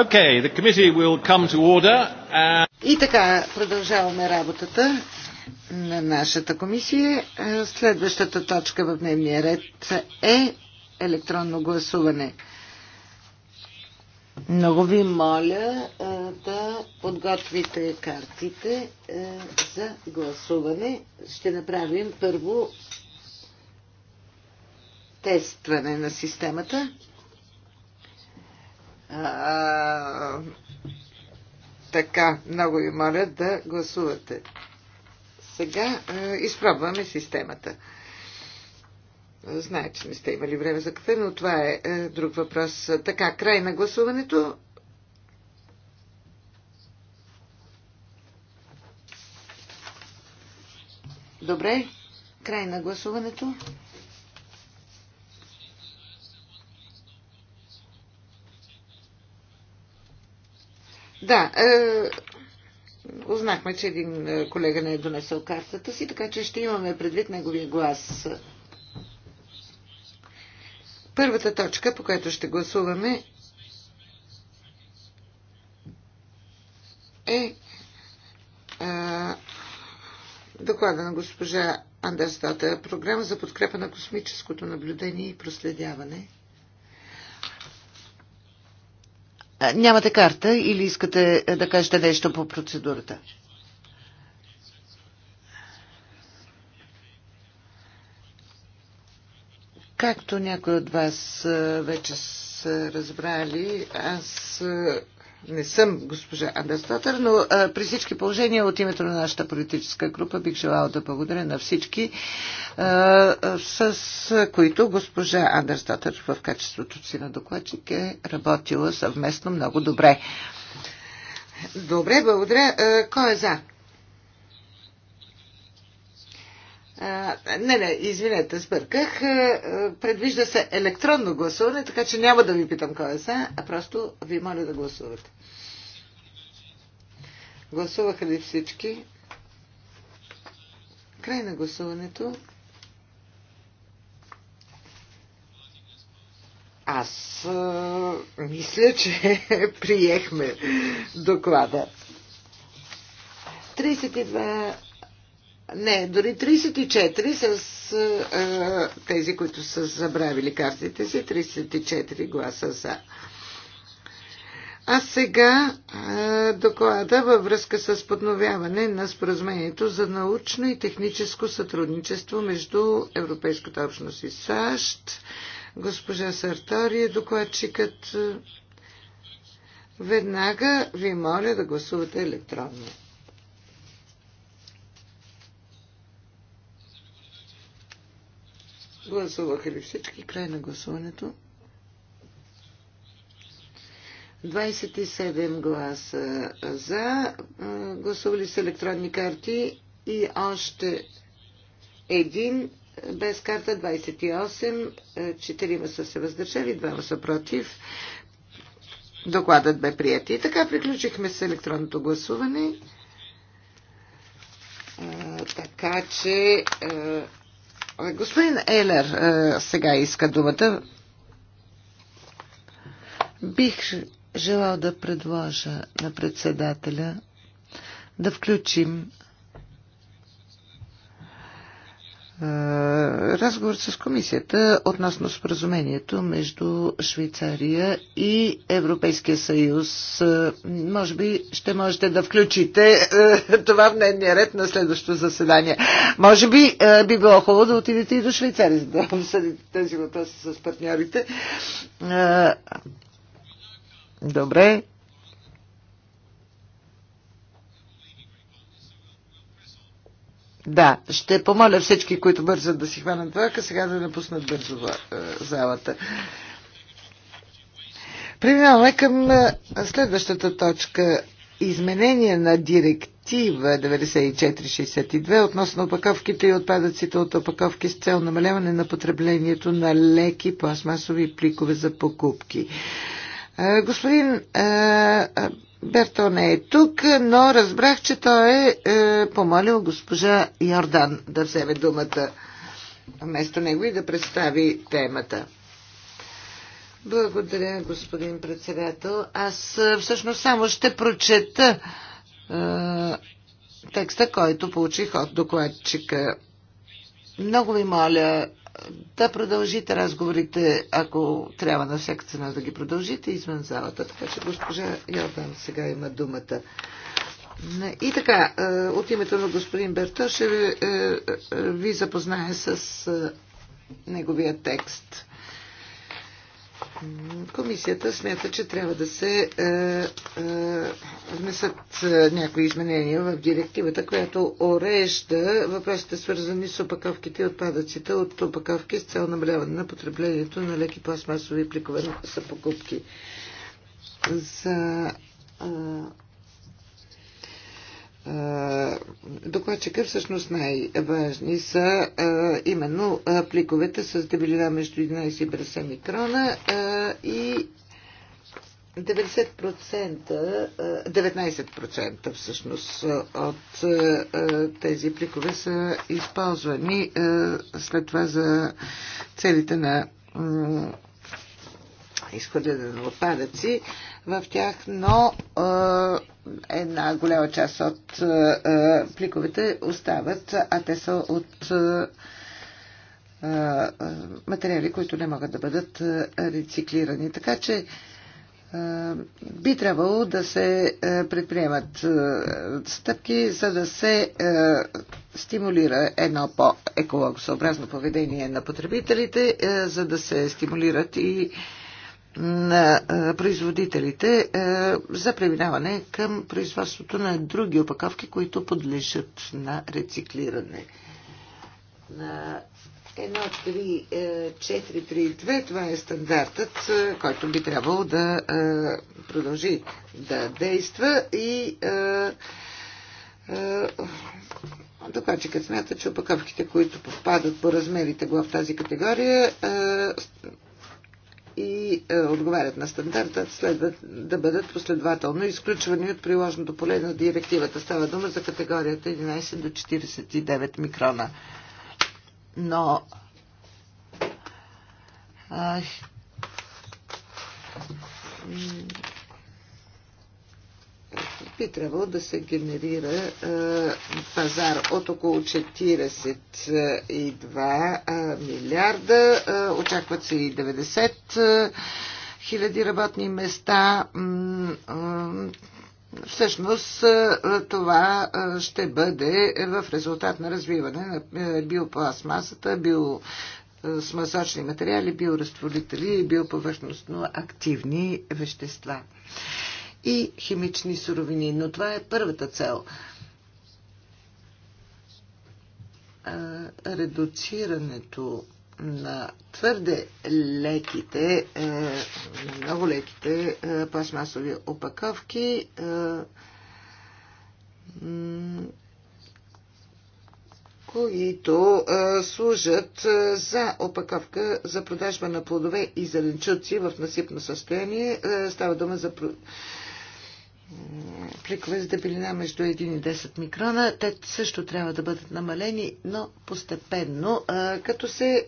Okay, the committee will come to order. And... И така, продължаваме работата на нашата комисия. Следващата точка в дневния ред е електронно гласуване. Много ви моля да подготвите картите за гласуване. Ще направим първо тестване на системата. Така, много ви моля да гласувате. Сега е, изпробваме системата. Знае, че не сте имали време за кафе, но това е, е друг въпрос. Така, край на гласуването. Добре, край на гласуването. Да, е, узнахме, че един е, колега не е донесъл картата си, така че ще имаме предвид неговия глас. Първата точка, по която ще гласуваме, е е доклада на госпожа Андерстата, програма за подкрепа на космическото наблюдение и проследяване. Нямате карта или искате е, да кажете нещо по процедурата? Както някои от вас е, вече са разбрали, аз е, не съм госпожа Андерстатър, но а, при всички положения от името на нашата политическа група бих желала да благодаря на всички, а, с които госпожа Андерстатър в качеството си на докладчик е работила съвместно много добре. Добре, благодаря. А, кой е за? не, не, извинете, сбърках. Предвижда се електронно гласуване, така че няма да ви питам кой е са, а просто ви моля да гласувате. Гласуваха ли всички? Край на гласуването. Аз а, мисля, че приехме доклада. 32 не, дори 34 с а, е, е, тези, които са забравили картите си, 34 гласа за. А сега а, е, доклада във връзка с подновяване на споразумението за научно и техническо сътрудничество между Европейската общност и САЩ. Госпожа Сартори е докладчикът. Веднага ви моля да гласувате електронно. Гласуваха ли всички? Край на гласуването. 27 гласа за, гласували с електронни карти и още един без карта 28, 4 са се въздържали, 2 са против. Докладът бе прият. И така приключихме с електронното гласуване. така че Ами, господин Елер е, сега иска думата. Бих желал да предложа на председателя да включим Е, разговор с комисията относно споразумението между Швейцария и Европейския съюз. Е, може би ще можете да включите е, това в дневния ред на следващото заседание. Може би би било хубаво да отидете и до Швейцария, за да обсъдите тези въпроси с партньорите. Добре, Да, ще помоля всички, които бързат да си хванат влака, сега да напуснат бързо е, залата. Преминаваме към е, следващата точка. Изменение на директива 9462 относно опаковките и отпадъците от опаковки с цел намаляване на потреблението на леки пластмасови пликове за покупки. Е, господин е, Бертон е тук, но разбрах, че той е, е помолил госпожа Йордан да вземе думата вместо него и да представи темата. Благодаря, господин председател. Аз всъщност само ще прочета текста, който получих от докладчика. Много ви моля, да продължите разговорите, ако трябва на всяка цена да ги продължите извън залата. Така че госпожа Йордан сега има думата. И така, е, от името на господин Берто е, е, ви запозная с неговия текст. Комисията смята, че трябва да се е, е, внесат е, някои изменения в директивата, която орежда въпросите свързани с опаковките и отпадъците от опаковки с цел намаляване на потреблението на леки пластмасови пликове на покупки. За докладчика всъщност най-важни са именно пликовете с дебелина между 11 и 50 микрона и 90%, 19% всъщност от тези пликове са използвани след това за целите на изхвърляне на отпадъци в тях, но е, една голяма част от е, е, пликовете остават, а те са от материали, които не могат да бъдат рециклирани. Така че би трябвало да се предприемат стъпки, за да се стимулира едно по-екологосъобразно поведение на потребителите, за да се стимулират и на производителите за преминаване към производството на други опаковки, които подлежат на рециклиране. На 1.3.4.3.2 е, това е стандартът, е, който би трябвало да е, продължи да действа и докладчикът смята, че опаковките, които попадат по размерите в тази категория, и е, отговарят на стандарта, следва да бъдат последователно изключвани от приложното поле на директивата. Става дума за категорията 11 до 49 микрона. Но а, би трябвало да се генерира пазар от около 42 милиарда. Очакват се и 90 хиляди работни места. Всъщност това ще бъде в резултат на развиване на биопластмасата, биосмазочни материали, биоразтворители и биоповърхностно активни вещества и химични суровини. Но това е първата цел. Редуцирането на твърде леките, е, много леките е, пластмасови опаковки е, които а, служат а, за опаковка за продажба на плодове и зеленчуци в насипно състояние. А, става дума за пликове с дебелина между 1 и 10 микрона. Те също трябва да бъдат намалени, но постепенно, като се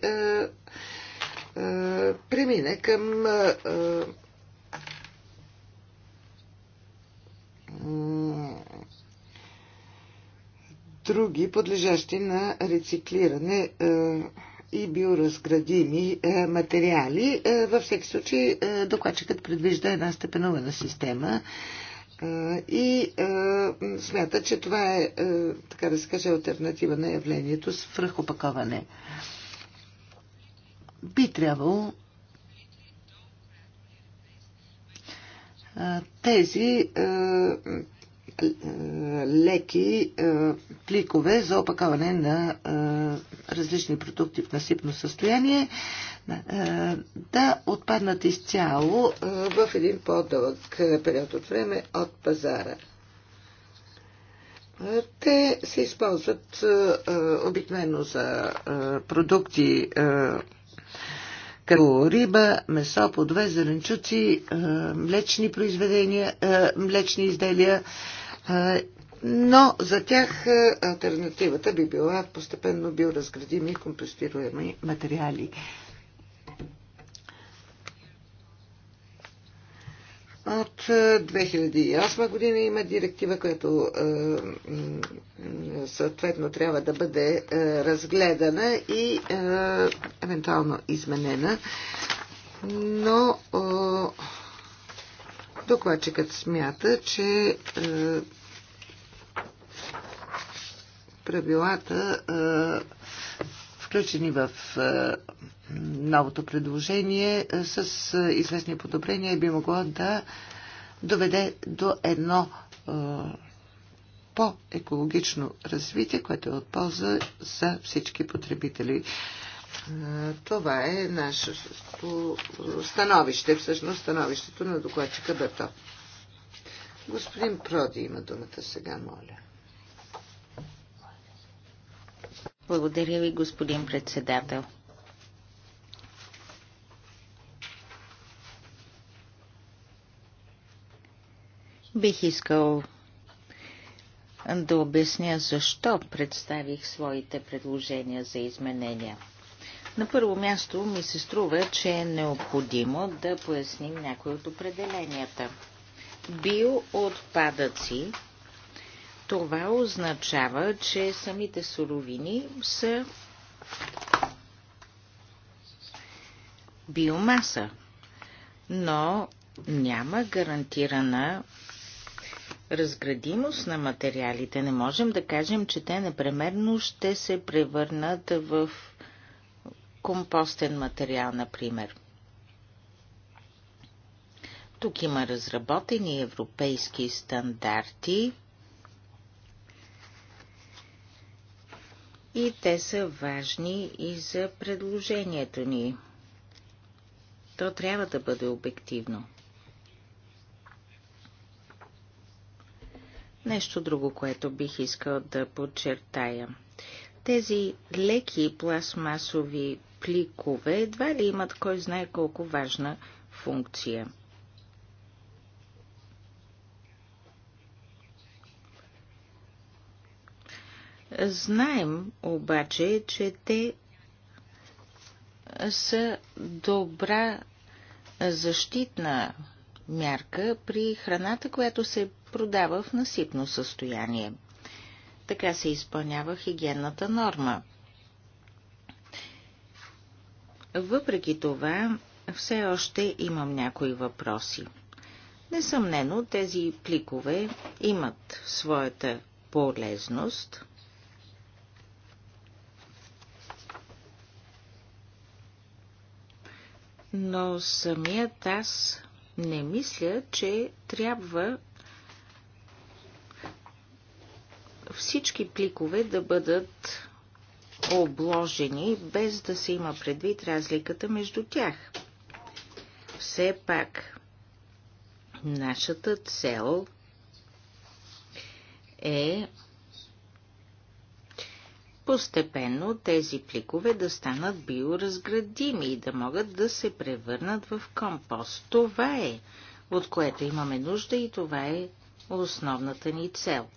премине към други подлежащи на рециклиране и биоразградими материали. Във всеки случай докладчикът предвижда една степенувана система и смята, че това е, така да се каже, альтернатива на явлението с връхопаковане. Би трябвало тези леки пликове за опакаване на различни продукти в насипно състояние да отпаднат изцяло в един по-дълъг период от време от пазара. Те се използват обикновено за продукти като риба, месо, плодове, зеленчуци, млечни произведения, млечни изделия, но за тях альтернативата би била постепенно биоразградими и компостируеми материали. От 2008 година има директива, която съответно трябва да бъде разгледана и евентуално изменена. Но Докладчикът смята, че е, правилата, е, включени в е, новото предложение, с известни подобрения би могло да доведе до едно по-екологично развитие, което е от полза за всички потребители. Това е нашето становище, всъщност становището на докладчика Бето. Господин Проди има думата сега, моля. Благодаря ви, господин председател. Бих искал да обясня защо представих своите предложения за изменения – на първо място ми се струва, че е необходимо да поясним някои от определенията. Биоотпадъци това означава, че самите суровини са биомаса, но няма гарантирана разградимост на материалите. Не можем да кажем, че те непременно ще се превърнат в компостен материал, например. Тук има разработени европейски стандарти и те са важни и за предложението ни. То трябва да бъде обективно. Нещо друго, което бих искал да подчертая. Тези леки пластмасови пликове едва ли имат кой знае колко важна функция. Знаем обаче, че те са добра защитна мярка при храната, която се продава в насипно състояние. Така се изпълнява хигиенната норма – въпреки това, все още имам някои въпроси. Несъмнено, тези пликове имат своята полезност. Но самият аз не мисля, че трябва всички пликове да бъдат обложени, без да се има предвид разликата между тях. Все пак, нашата цел е постепенно тези пликове да станат биоразградими и да могат да се превърнат в компост. Това е, от което имаме нужда и това е основната ни цел –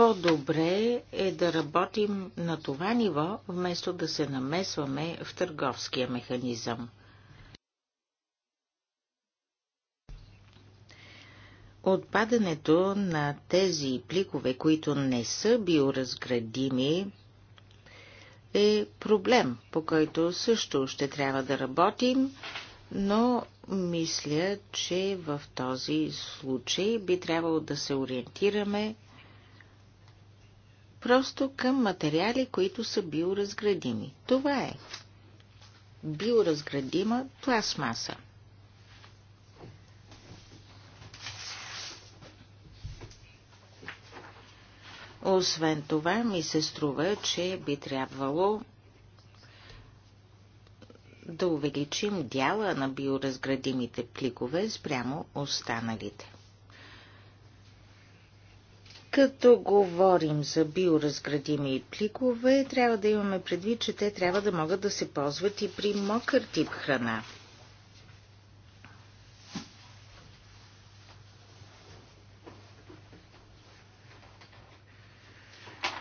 по-добре е да работим на това ниво, вместо да се намесваме в търговския механизъм. Отпадането на тези пликове, които не са биоразградими, е проблем, по който също ще трябва да работим, но мисля, че в този случай би трябвало да се ориентираме просто към материали, които са биоразградими. Това е биоразградима пластмаса. Освен това, ми се струва, че би трябвало да увеличим дяла на биоразградимите пликове спрямо останалите. Като говорим за биоразградими пликове, трябва да имаме предвид, че те трябва да могат да се ползват и при мокър тип храна.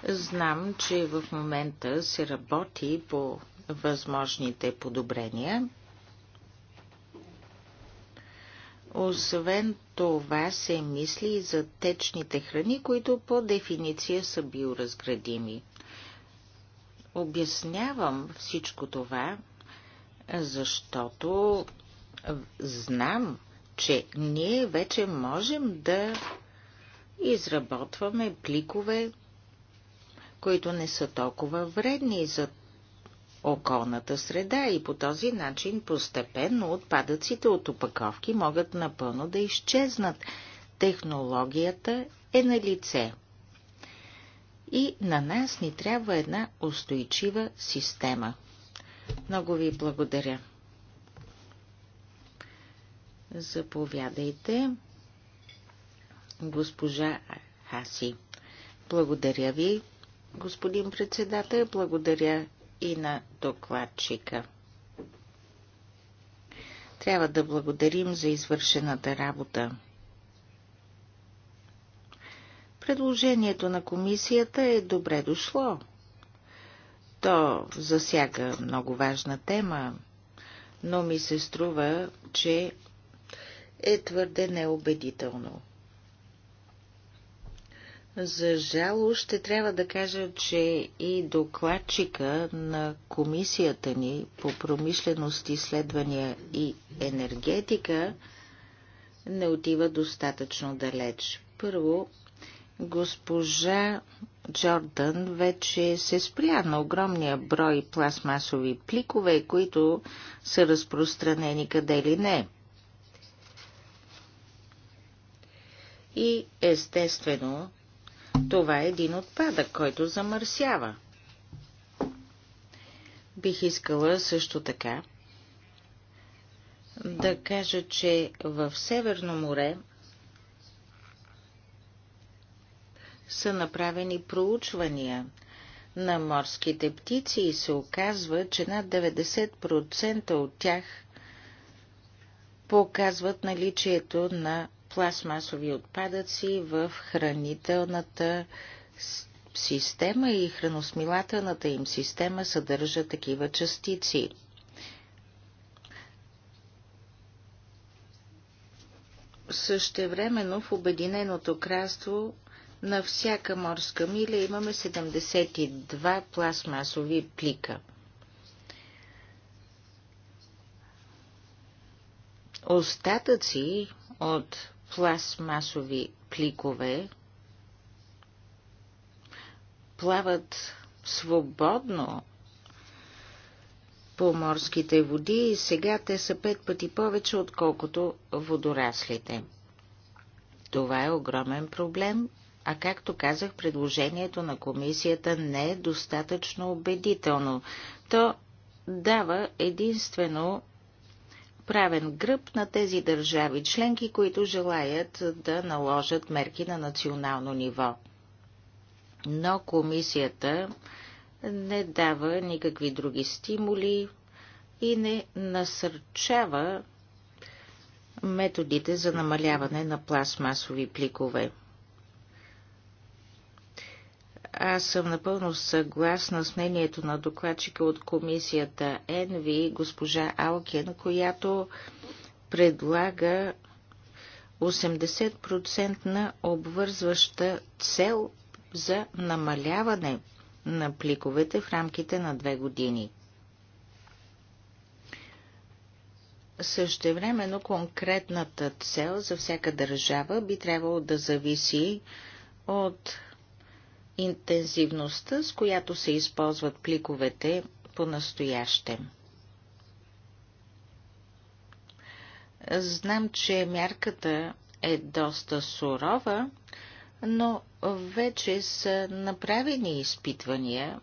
Знам, че в момента се работи по възможните подобрения. Освен това се мисли и за течните храни, които по дефиниция са биоразградими. Обяснявам всичко това, защото знам, че ние вече можем да изработваме пликове, които не са толкова вредни за околната среда и по този начин постепенно отпадъците от опаковки могат напълно да изчезнат. Технологията е на лице. И на нас ни трябва една устойчива система. Много ви благодаря. Заповядайте, госпожа Хаси. Благодаря ви, господин председател. Благодаря и на докладчика. Трябва да благодарим за извършената работа. Предложението на комисията е добре дошло. То засяга много важна тема, но ми се струва, че е твърде неубедително. За жало ще трябва да кажа, че и докладчика на комисията ни по промишленост, изследвания и енергетика не отива достатъчно далеч. Първо, госпожа Джордан вече се спря на огромния брой пластмасови пликове, които са разпространени къде ли не. И естествено, това е един отпадък, който замърсява. Бих искала също така да кажа, че в Северно море са направени проучвания на морските птици и се оказва, че над 90% от тях показват наличието на пластмасови отпадъци в хранителната система и храносмилателната им система съдържа такива частици. Същевременно в Обединеното кралство на всяка морска миля имаме 72 пластмасови плика. Остатъци от пластмасови пликове плават свободно по морските води и сега те са пет пъти повече, отколкото водораслите. Това е огромен проблем, а както казах, предложението на комисията не е достатъчно убедително. То дава единствено правен гръб на тези държави членки, които желаят да наложат мерки на национално ниво. Но комисията не дава никакви други стимули и не насърчава методите за намаляване на пластмасови пликове. Аз съм напълно съгласна с мнението на докладчика от комисията ЕНВИ, госпожа Алкен, която предлага 80% на обвързваща цел за намаляване на пликовете в рамките на две години. Същевременно конкретната цел за всяка държава би трябвало да зависи от интензивността, с която се използват пликовете по настояще Знам, че мярката е доста сурова, но вече са направени изпитвания.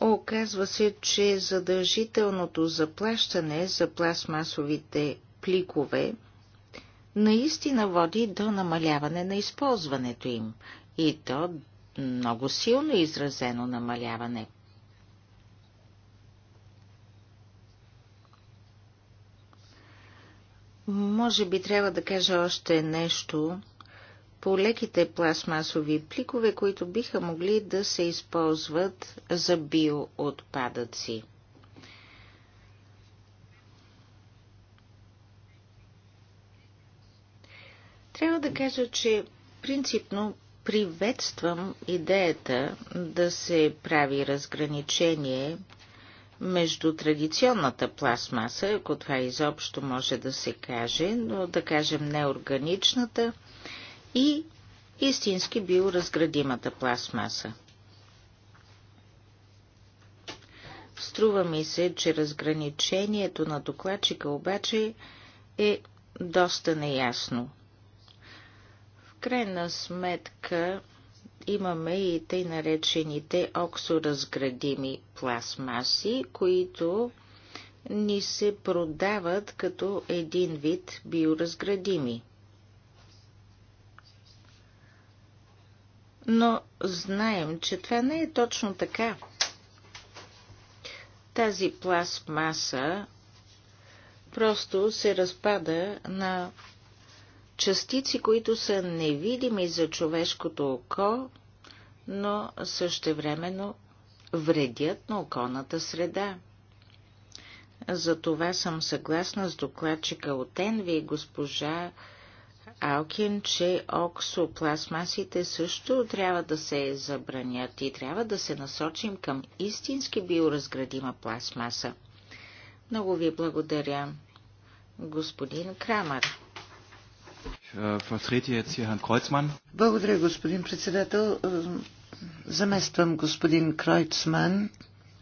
Оказва се, че задължителното заплащане за пластмасовите пликове – наистина води до намаляване на използването им. И то много силно изразено намаляване. Може би трябва да кажа още нещо по леките пластмасови пликове, които биха могли да се използват за биоотпадъци. Трябва да кажа, че принципно приветствам идеята да се прави разграничение между традиционната пластмаса, ако това изобщо може да се каже, но да кажем неорганичната и истински биоразградимата пластмаса. Струва ми се, че разграничението на докладчика обаче е доста неясно крайна сметка имаме и тъй наречените оксоразградими пластмаси, които ни се продават като един вид биоразградими. Но знаем, че това не е точно така. Тази пластмаса просто се разпада на частици, които са невидими за човешкото око, но същевременно вредят на околната среда. За това съм съгласна с докладчика от Енви, госпожа Алкин, че оксопластмасите също трябва да се забранят и трябва да се насочим към истински биоразградима пластмаса. Много ви благодаря, господин Крамър. Äh, Благодаря, господин председател. Замествам господин Кройцман,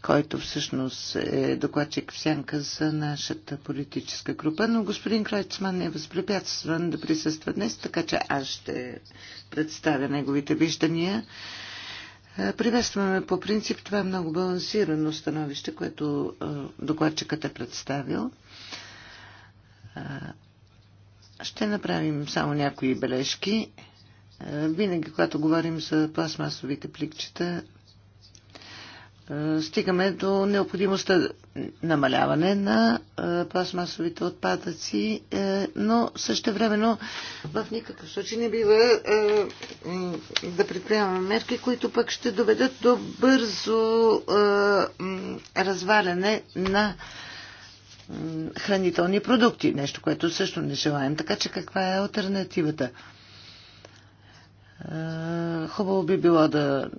който всъщност е докладчик в сянка за нашата политическа група, но господин Кройцман е възпрепятстван да присъства днес, така че аз ще представя неговите виждания. Е, приветстваме по принцип това е много балансирано становище, което е, докладчикът е представил. Е, ще направим само някои бележки. Е, винаги, когато говорим за пластмасовите пликчета, е, стигаме до необходимостта намаляване на е, пластмасовите отпадъци, но също времено в никакъв случай не бива да предприемаме мерки, които пък ще доведат до бързо разваляне на хранителни продукти. Нещо, което също не желаем. Така че каква е альтернативата? Хубаво би било да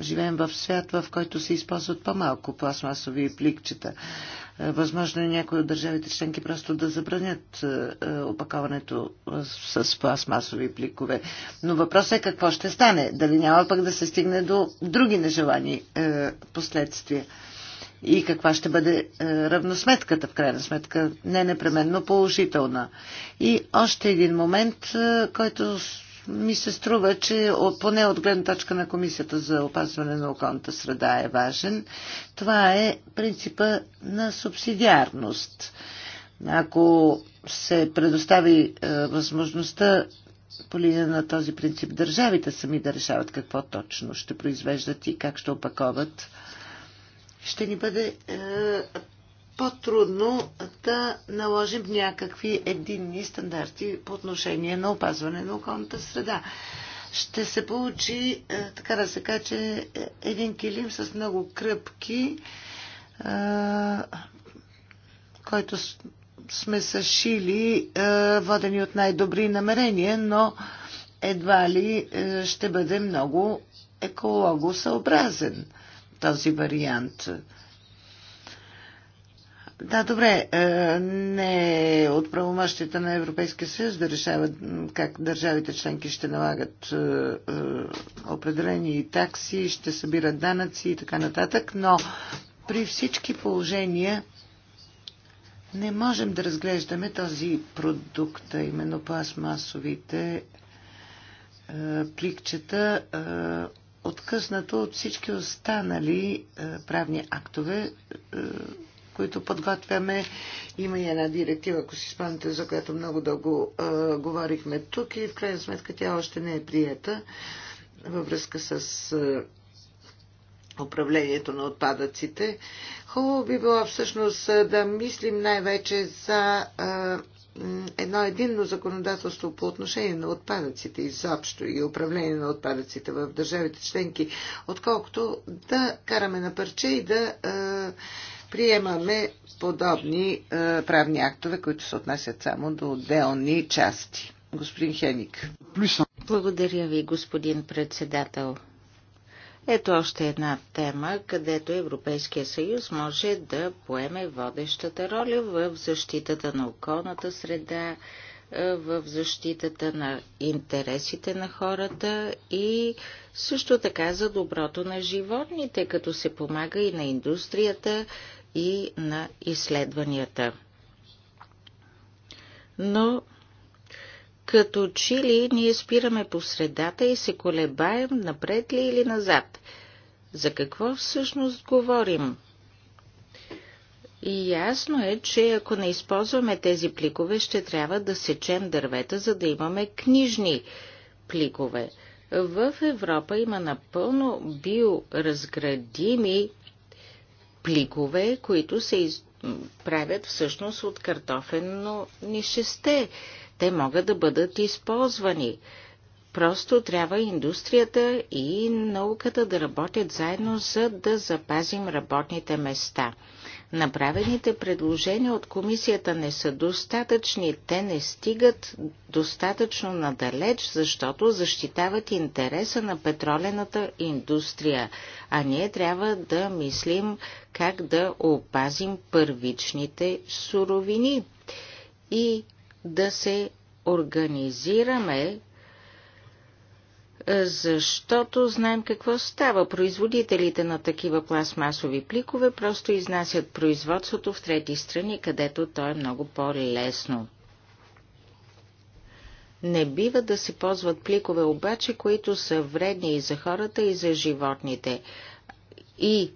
живеем в свят, в който се използват по-малко пластмасови пликчета. Възможно е някои от държавите членки просто да забранят опаковането с пластмасови пликове. Но въпросът е какво ще стане. Дали няма пък да се стигне до други нежелани последствия и каква ще бъде е, равносметката, в крайна сметка, не непременно положителна. И още един момент, е, който ми се струва, че поне от гледна точка на Комисията за опазване на околната среда е важен. Това е принципа на субсидиарност. Ако се предостави е, възможността по линия на този принцип държавите сами да решават какво точно ще произвеждат и как ще опаковат, ще ни бъде е, по-трудно да наложим някакви единни стандарти по отношение на опазване на околната среда. Ще се получи, е, така да се каже, един килим с много кръпки, е, който сме съшили, е, водени от най-добри намерения, но едва ли е, ще бъде много екологосъобразен този вариант. Да, добре. Е, не е от правомощията на Европейския съюз да решават как държавите членки ще налагат е, определени такси, ще събират данъци и така нататък, но при всички положения не можем да разглеждаме този продукт, а именно пластмасовите пликчета откъснато от всички останали е, правни актове, е, които подготвяме. Има и една директива, ако си спомните, за която много дълго е, говорихме тук и в крайна сметка тя още не е приета във връзка с управлението на отпадъците. Хубаво би било всъщност да мислим най-вече за Е, едно единно законодателство по отношение на отпадъците изобщо и управление на отпадъците в държавите членки, отколкото да караме на парче и да приемаме подобни правни актове, които се отнасят само до отделни части. Господин Хеник. Благодаря ви, господин председател. Ето още една тема, където Европейския съюз може да поеме водещата роля в защитата на околната среда, е, в защитата на интересите на хората и също така за доброто на животните, като се помага и на индустрията и на изследванията. Но като чили ние спираме по средата и се колебаем напред ли или назад. За какво всъщност говорим? И ясно е, че ако не използваме тези пликове, ще трябва да сечем дървета, за да имаме книжни пликове. В Европа има напълно биоразградими пликове, които се из... правят всъщност от картофено нишесте. Те могат да бъдат използвани. Просто трябва индустрията и науката да работят заедно, за да запазим работните места. Направените предложения от комисията не са достатъчни. Те не стигат достатъчно надалеч, защото защитават интереса на петролената индустрия. А ние трябва да мислим как да опазим първичните суровини. И да се организираме, е, защото знаем какво става. Производителите на такива пластмасови пликове просто изнасят производството в трети страни, където то е много по-лесно. Не бива да се ползват пликове обаче, които са вредни и за хората, и за животните. И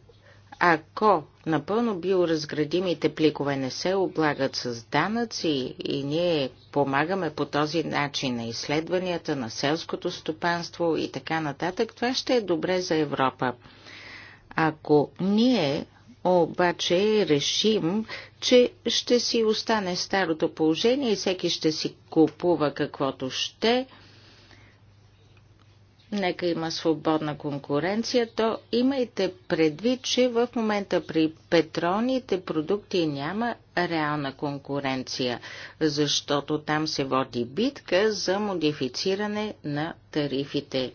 ако напълно биоразградимите пликове не се облагат с данъци и ние помагаме по този начин на изследванията, на селското стопанство и така нататък, това ще е добре за Европа. Ако ние обаче решим, че ще си остане старото положение и всеки ще си купува каквото ще, нека има свободна конкуренция, то имайте предвид, че в момента при петролните продукти няма реална конкуренция, защото там се води битка за модифициране на тарифите.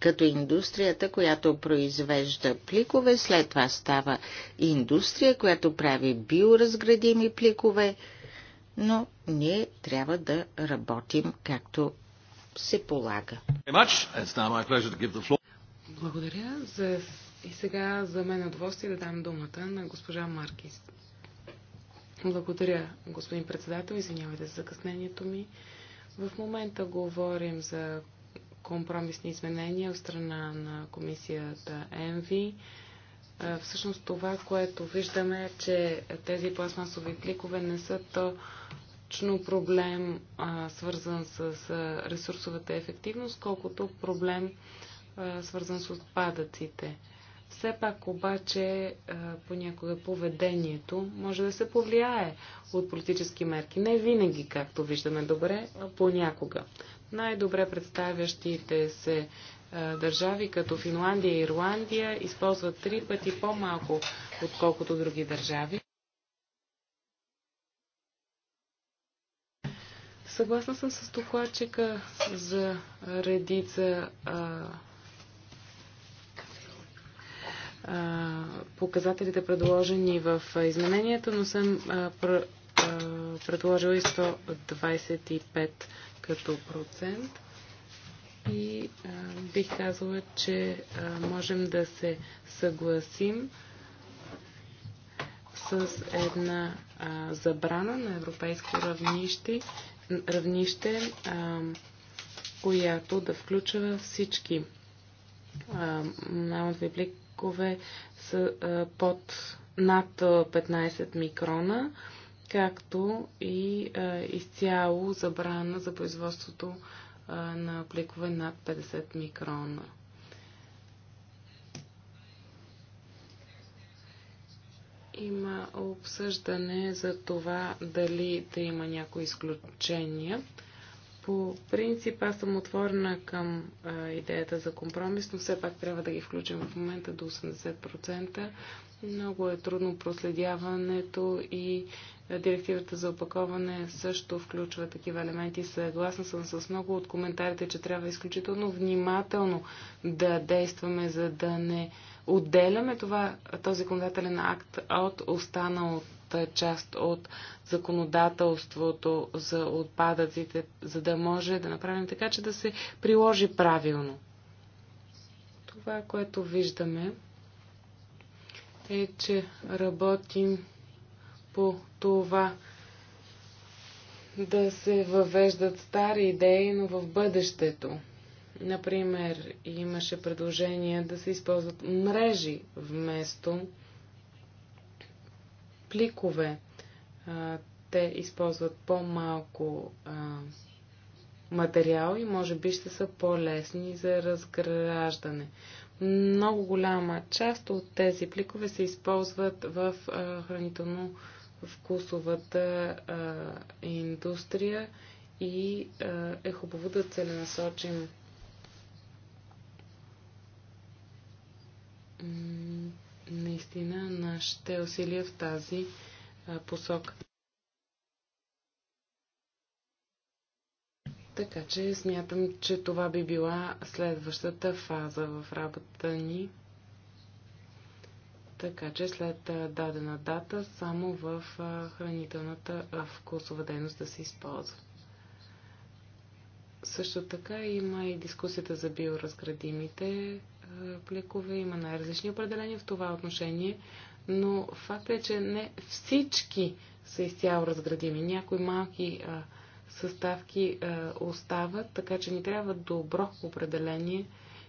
Като индустрията, която произвежда пликове, след това става индустрия, която прави биоразградими пликове, но ние трябва да работим както се полага. Благодаря. За... И сега за мен е удоволствие да дам думата на госпожа Маркис. Благодаря, господин председател. Извинявайте за закъснението ми. В момента говорим за компромисни изменения от страна на комисията ЕНВИ. Всъщност това, което виждаме е, че тези пластмасови кликове не са то, точно проблем, а, свързан с а, ресурсовата ефективност, колкото проблем, а, свързан с отпадъците. Все пак обаче а, понякога поведението може да се повлияе от политически мерки. Не винаги, както виждаме добре, а понякога. Най-добре представящите се държави, като Финландия и Ирландия, използват три пъти по-малко, отколкото други държави. Съгласна съм с докладчика за редица а, а, показателите, предложени в изменението, но съм а, пр, а, предложила и 125 като процент. И а, бих казала, че а, можем да се съгласим с една а, забрана на европейско равнище равнище, а, която да включва всички нанови бликове с, а, под над 15 микрона, както и а, изцяло забрана за производството а, на бликове над 50 микрона. има обсъждане за това дали да има някои изключения. По принцип аз съм отворена към а, идеята за компромис, но все пак трябва да ги включим в момента до 80%. Много е трудно проследяването и директивата за опаковане също включва такива елементи. Съгласна съм с много от коментарите, че трябва изключително внимателно да действаме, за да не отделяме това, този законодателен акт от останалата част от законодателството за отпадъците, за да може да направим така, че да се приложи правилно. Това, което виждаме, е, че работим по това да се въвеждат стари идеи, но в бъдещето. Например, имаше предложение да се използват мрежи вместо пликове. Те използват по-малко материал и може би ще са по-лесни за разграждане. Много голяма част от тези пликове се използват в хранително вкусовата индустрия и е хубаво да целенасочим наистина нашите усилия в тази посока. Така че смятам, че това би била следващата фаза в работата ни. Така че след дадена дата само в хранителната вкусова дейност да се използва. Също така има и дискусията за биоразградимите Пликове има най-различни определения в това отношение, но факт е, че не всички са изцяло разградими. Някои малки а, съставки а, остават, така че ни трябва добро определение.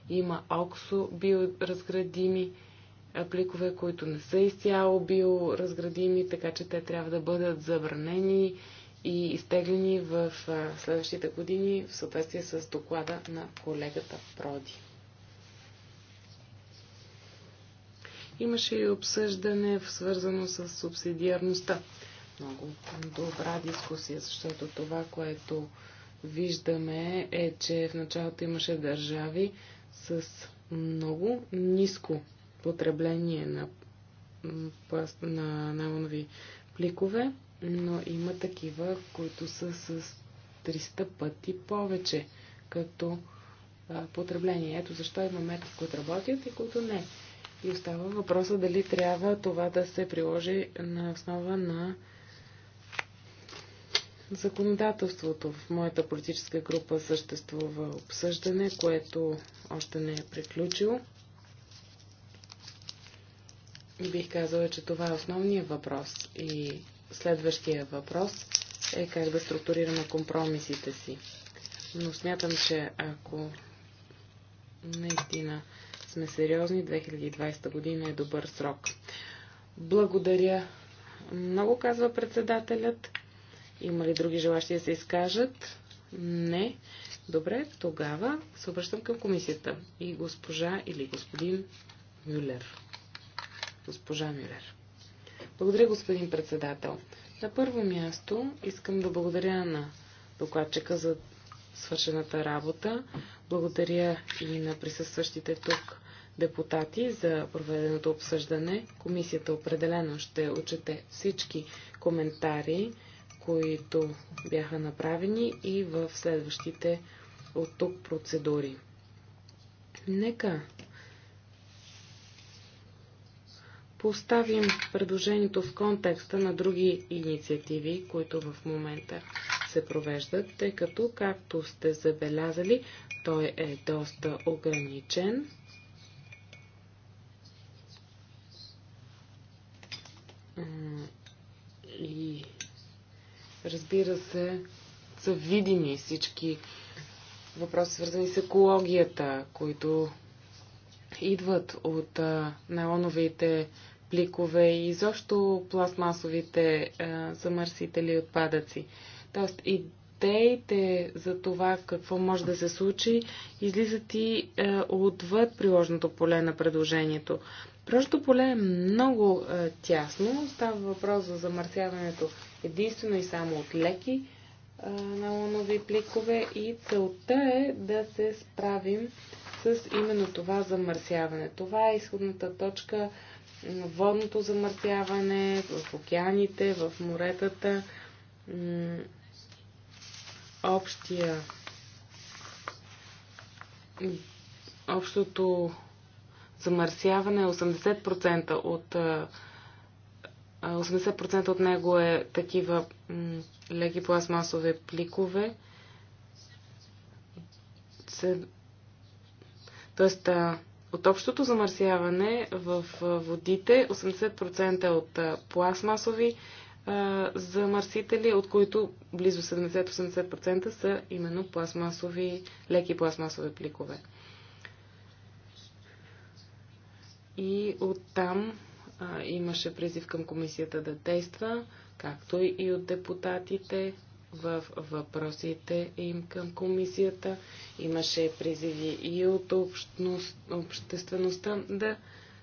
Има оксо биоразградими пликове, които не са изцяло биоразградими, така че те трябва да бъдат забранени и изтеглени в следващите години в съответствие с доклада на колегата Проди. Имаше и обсъждане свързано с субсидиарността. Много добра дискусия, защото това, което виждаме е, че в началото имаше държави с много ниско потребление на, на найлонови пликове, но има такива, които са с 300 пъти повече като потребление. Ето защо има мерки, които работят и които не. И остава въпроса дали трябва това да се приложи на основа на законодателството. В моята политическа група съществува обсъждане, което още не е приключило. И бих казала, че това е основният въпрос. И следващия въпрос е как да структурираме компромисите си. Но смятам, че ако наистина сме сериозни. 2020 година е добър срок. Благодаря. Много казва председателят. Има ли други желащи да се изкажат? Не. Добре, тогава се обръщам към комисията. И госпожа или господин Мюлер. Госпожа Мюлер. Благодаря, господин председател. На първо място искам да благодаря на докладчика за свършената работа. Благодаря и на присъстващите тук депутати за проведеното обсъждане. Комисията определено ще отчете всички коментари, които бяха направени и в следващите от тук процедури. Нека поставим предложението в контекста на други инициативи, които в момента се провеждат, тъй като, както сте забелязали, той е доста ограничен И разбира се, са видими всички въпроси, свързани с екологията, които идват от а, пликове и изобщо пластмасовите замърсители отпадъци. Тоест и идеите за това какво може да се случи излизат и е, отвъд приложното поле на предложението. Приложното поле е много е, тясно. Става въпрос за замърсяването единствено и само от леки е, лунови пликове и целта е да се справим с именно това замърсяване. Това е изходната точка водното замърсяване в океаните, в моретата общия общото замърсяване 80% е от 80% от него е такива леки пластмасови пликове. Тоест, от общото замърсяване в водите 80% е от пластмасови замърсители, от които близо 70-80% са именно пластмасови, леки пластмасови пликове. И оттам а, имаше призив към комисията да действа, както и от депутатите в въпросите им към комисията. Имаше призиви и от общност, обществеността да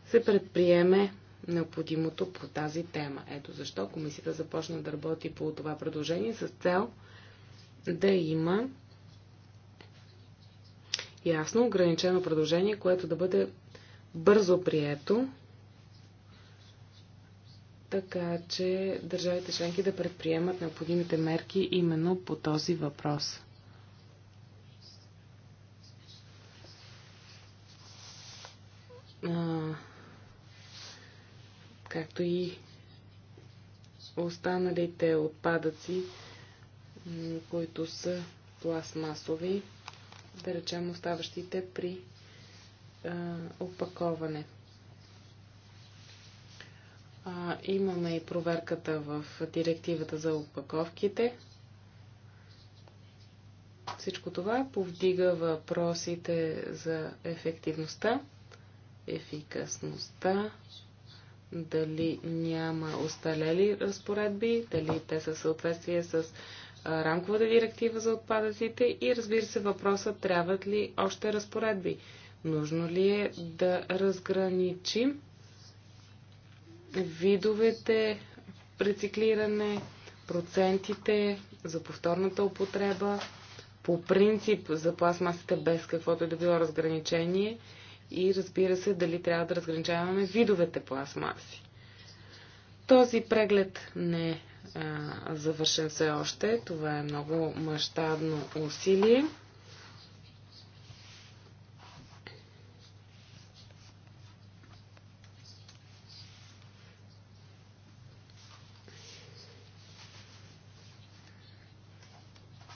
се предприеме необходимото по тази тема. Ето защо комисията започна да работи по това предложение с цел да има ясно ограничено предложение, което да бъде бързо прието, така че държавите членки да предприемат необходимите мерки именно по този въпрос. останалите отпадъци, които са пластмасови, да речем оставащите при а, опаковане. А, имаме и проверката в директивата за опаковките. Всичко това повдига въпросите за ефективността, ефикасността дали няма осталели разпоредби, дали те са в съответствие с рамковата директива за отпадъците и разбира се въпросът трябват ли още разпоредби. Нужно ли е да разграничим видовете рециклиране, процентите за повторната употреба, по принцип за пластмасите без каквото е да било разграничение – и разбира се дали трябва да разграничаваме видовете пластмаси. Този преглед не е завършен все още. Това е много мащабно усилие.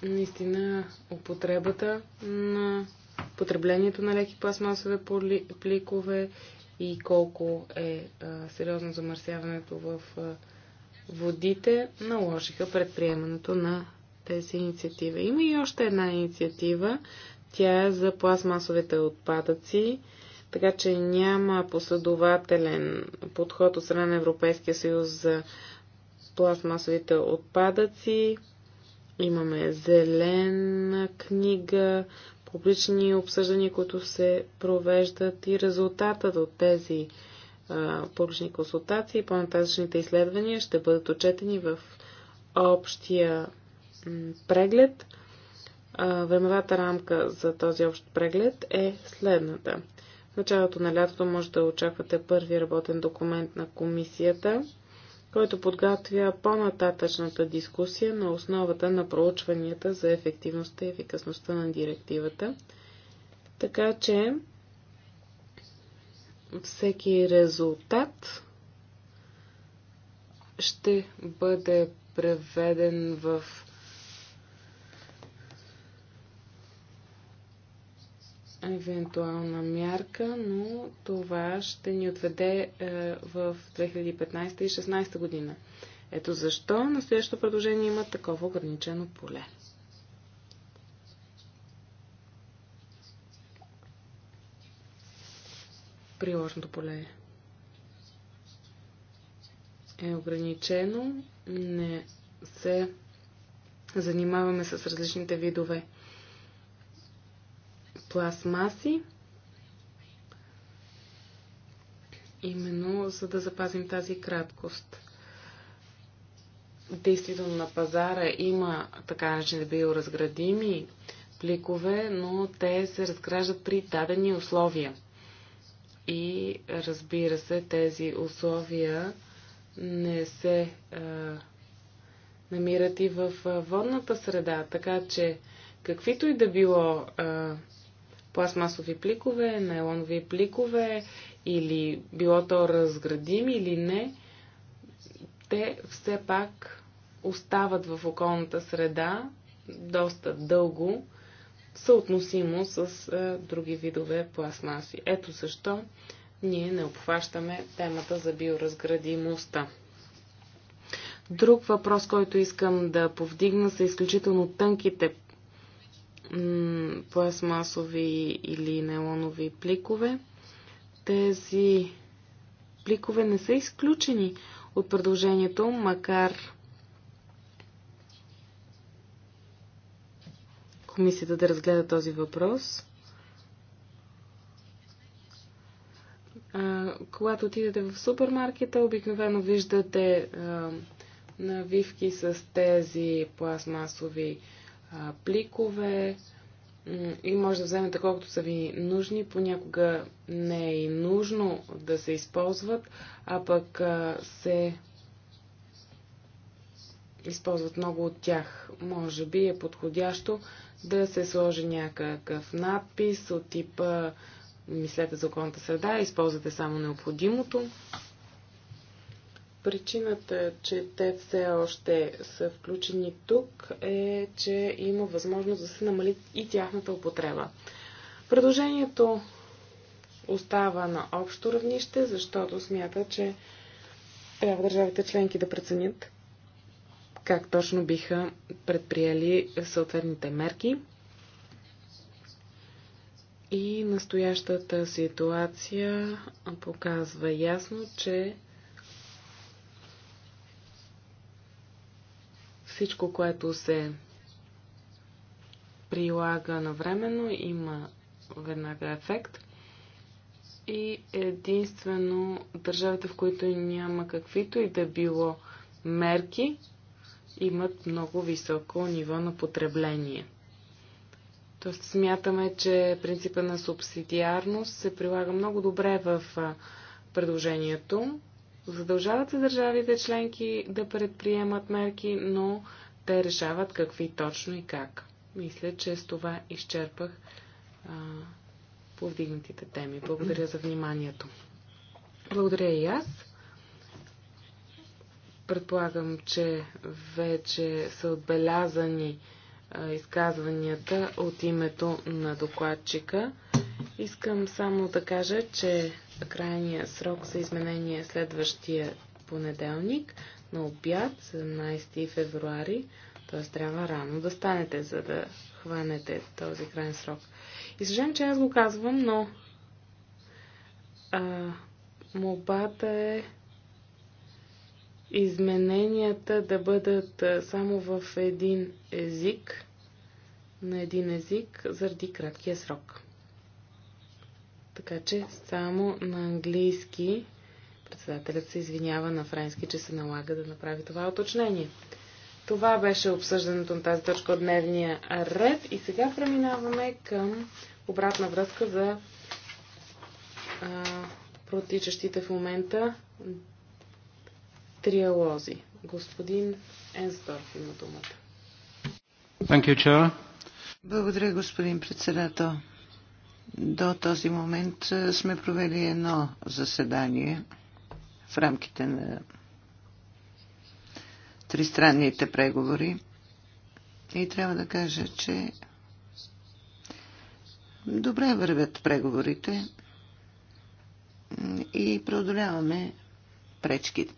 наистина употребата на потреблението на леки пластмасови пликове и колко е а, сериозно замърсяването в а, водите, наложиха предприемането на тези инициативи. Има и още една инициатива. Тя е за пластмасовите отпадъци, така че няма последователен подход от страна на Европейския съюз за пластмасовите отпадъци. Имаме зелена книга, публични обсъждания, които се провеждат и резултатът от тези а, публични консултации и по-нататъчните изследвания ще бъдат отчетени в общия преглед. А, времевата рамка за този общ преглед е следната. В началото на лятото може да очаквате първи работен документ на комисията който подготвя по-нататъчната дискусия на основата на проучванията за ефективността и ефикасността на директивата. Така че всеки резултат ще бъде преведен в евентуална мярка, но това ще ни отведе е, в 2015 и 2016 година. Ето защо настоящото предложение има такова ограничено поле. Приложното поле е ограничено, не се занимаваме с различните видове пластмаси, именно за да запазим тази краткост. Действително на пазара има така наречени да биоразградими пликове, но те се разграждат при дадени условия. И разбира се, тези условия не се а, намират и в водната среда, така че каквито и да било а, пластмасови пликове, найлонови пликове или било то разградими или не, те все пак остават в околната среда доста дълго, съотносимо с е, други видове пластмаси. Ето защо ние не обхващаме темата за биоразградимостта. Друг въпрос, който искам да повдигна, са изключително тънките пластмасови или нейлонови пликове. Тези пликове не са изключени от предложението, макар комисията да разгледа този въпрос. А, когато отидете в супермаркета, обикновено виждате а, навивки с тези пластмасови а, пликове и може да вземете колкото са ви нужни. Понякога не е и нужно да се използват, а пък се използват много от тях. Може би е подходящо да се сложи някакъв надпис от типа мислете за околната среда, използвате само необходимото. Причината, че те все още са включени тук е, че има възможност да се намали и тяхната употреба. Предложението остава на общо равнище, защото смята, че трябва държавите членки да преценят как точно биха предприели съответните мерки. И настоящата ситуация показва ясно, че Всичко, което се прилага навременно, има веднага ефект. И единствено държавите, в които няма каквито и да било мерки, имат много високо ниво на потребление. Тоест смятаме, че принципа на субсидиарност се прилага много добре в предложението. Задължават се държавите членки да предприемат мерки, но те решават какви точно и как. Мисля, че с това изчерпах а, повдигнатите теми. Благодаря за вниманието. Благодаря и аз. Предполагам, че вече са отбелязани а, изказванията от името на докладчика. Искам само да кажа, че крайния срок за изменение е следващия понеделник на обяд, 17 февруари, т.е. трябва рано да станете, за да хванете този крайен срок. И съжалявам, че аз го казвам, но а, молбата е измененията да бъдат само в един език, на един език, заради краткия срок. Така че само на английски председателят се извинява на френски, че се налага да направи това уточнение. Това беше обсъждането на тази точка от дневния ред и сега преминаваме към обратна връзка за а, протичащите в момента триалози. Господин Енсторф има думата. Благодаря, господин председател. До този момент е, сме провели едно заседание в рамките на тристранните преговори и трябва да кажа, че добре вървят преговорите и преодоляваме пречки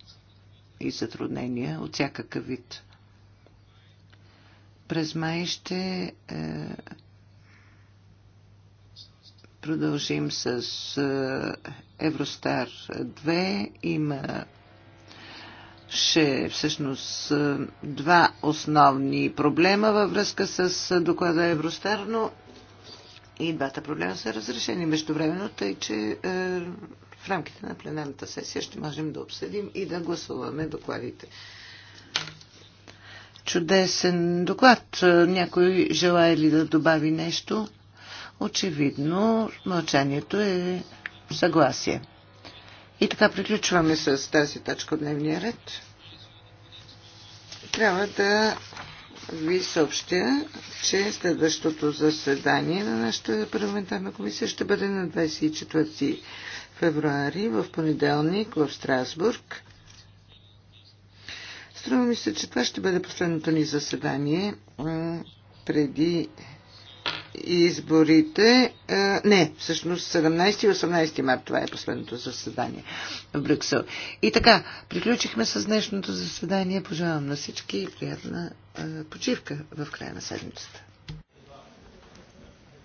и затруднения от всякакъв вид. През май ще е, продължим с Евростар 2. Има ще всъщност два основни проблема във връзка с доклада Евростар, но и двата проблема са разрешени междувременно, тъй че е, в рамките на пленарната сесия ще можем да обсъдим и да гласуваме докладите. Чудесен доклад. Някой желая ли да добави нещо? Очевидно, мълчанието е съгласие. И така приключваме с тази точка от дневния ред. Трябва да ви съобщя, че следващото заседание на нашата парламентарна комисия ще бъде на 24 февруари в понеделник в Страсбург. Струва ми се, че това ще бъде последното ни заседание преди изборите. Не, всъщност 17 и 18 марта това е последното заседание в Брюксел. И така, приключихме с днешното заседание. Пожелавам на всички приятна почивка в края на седмицата.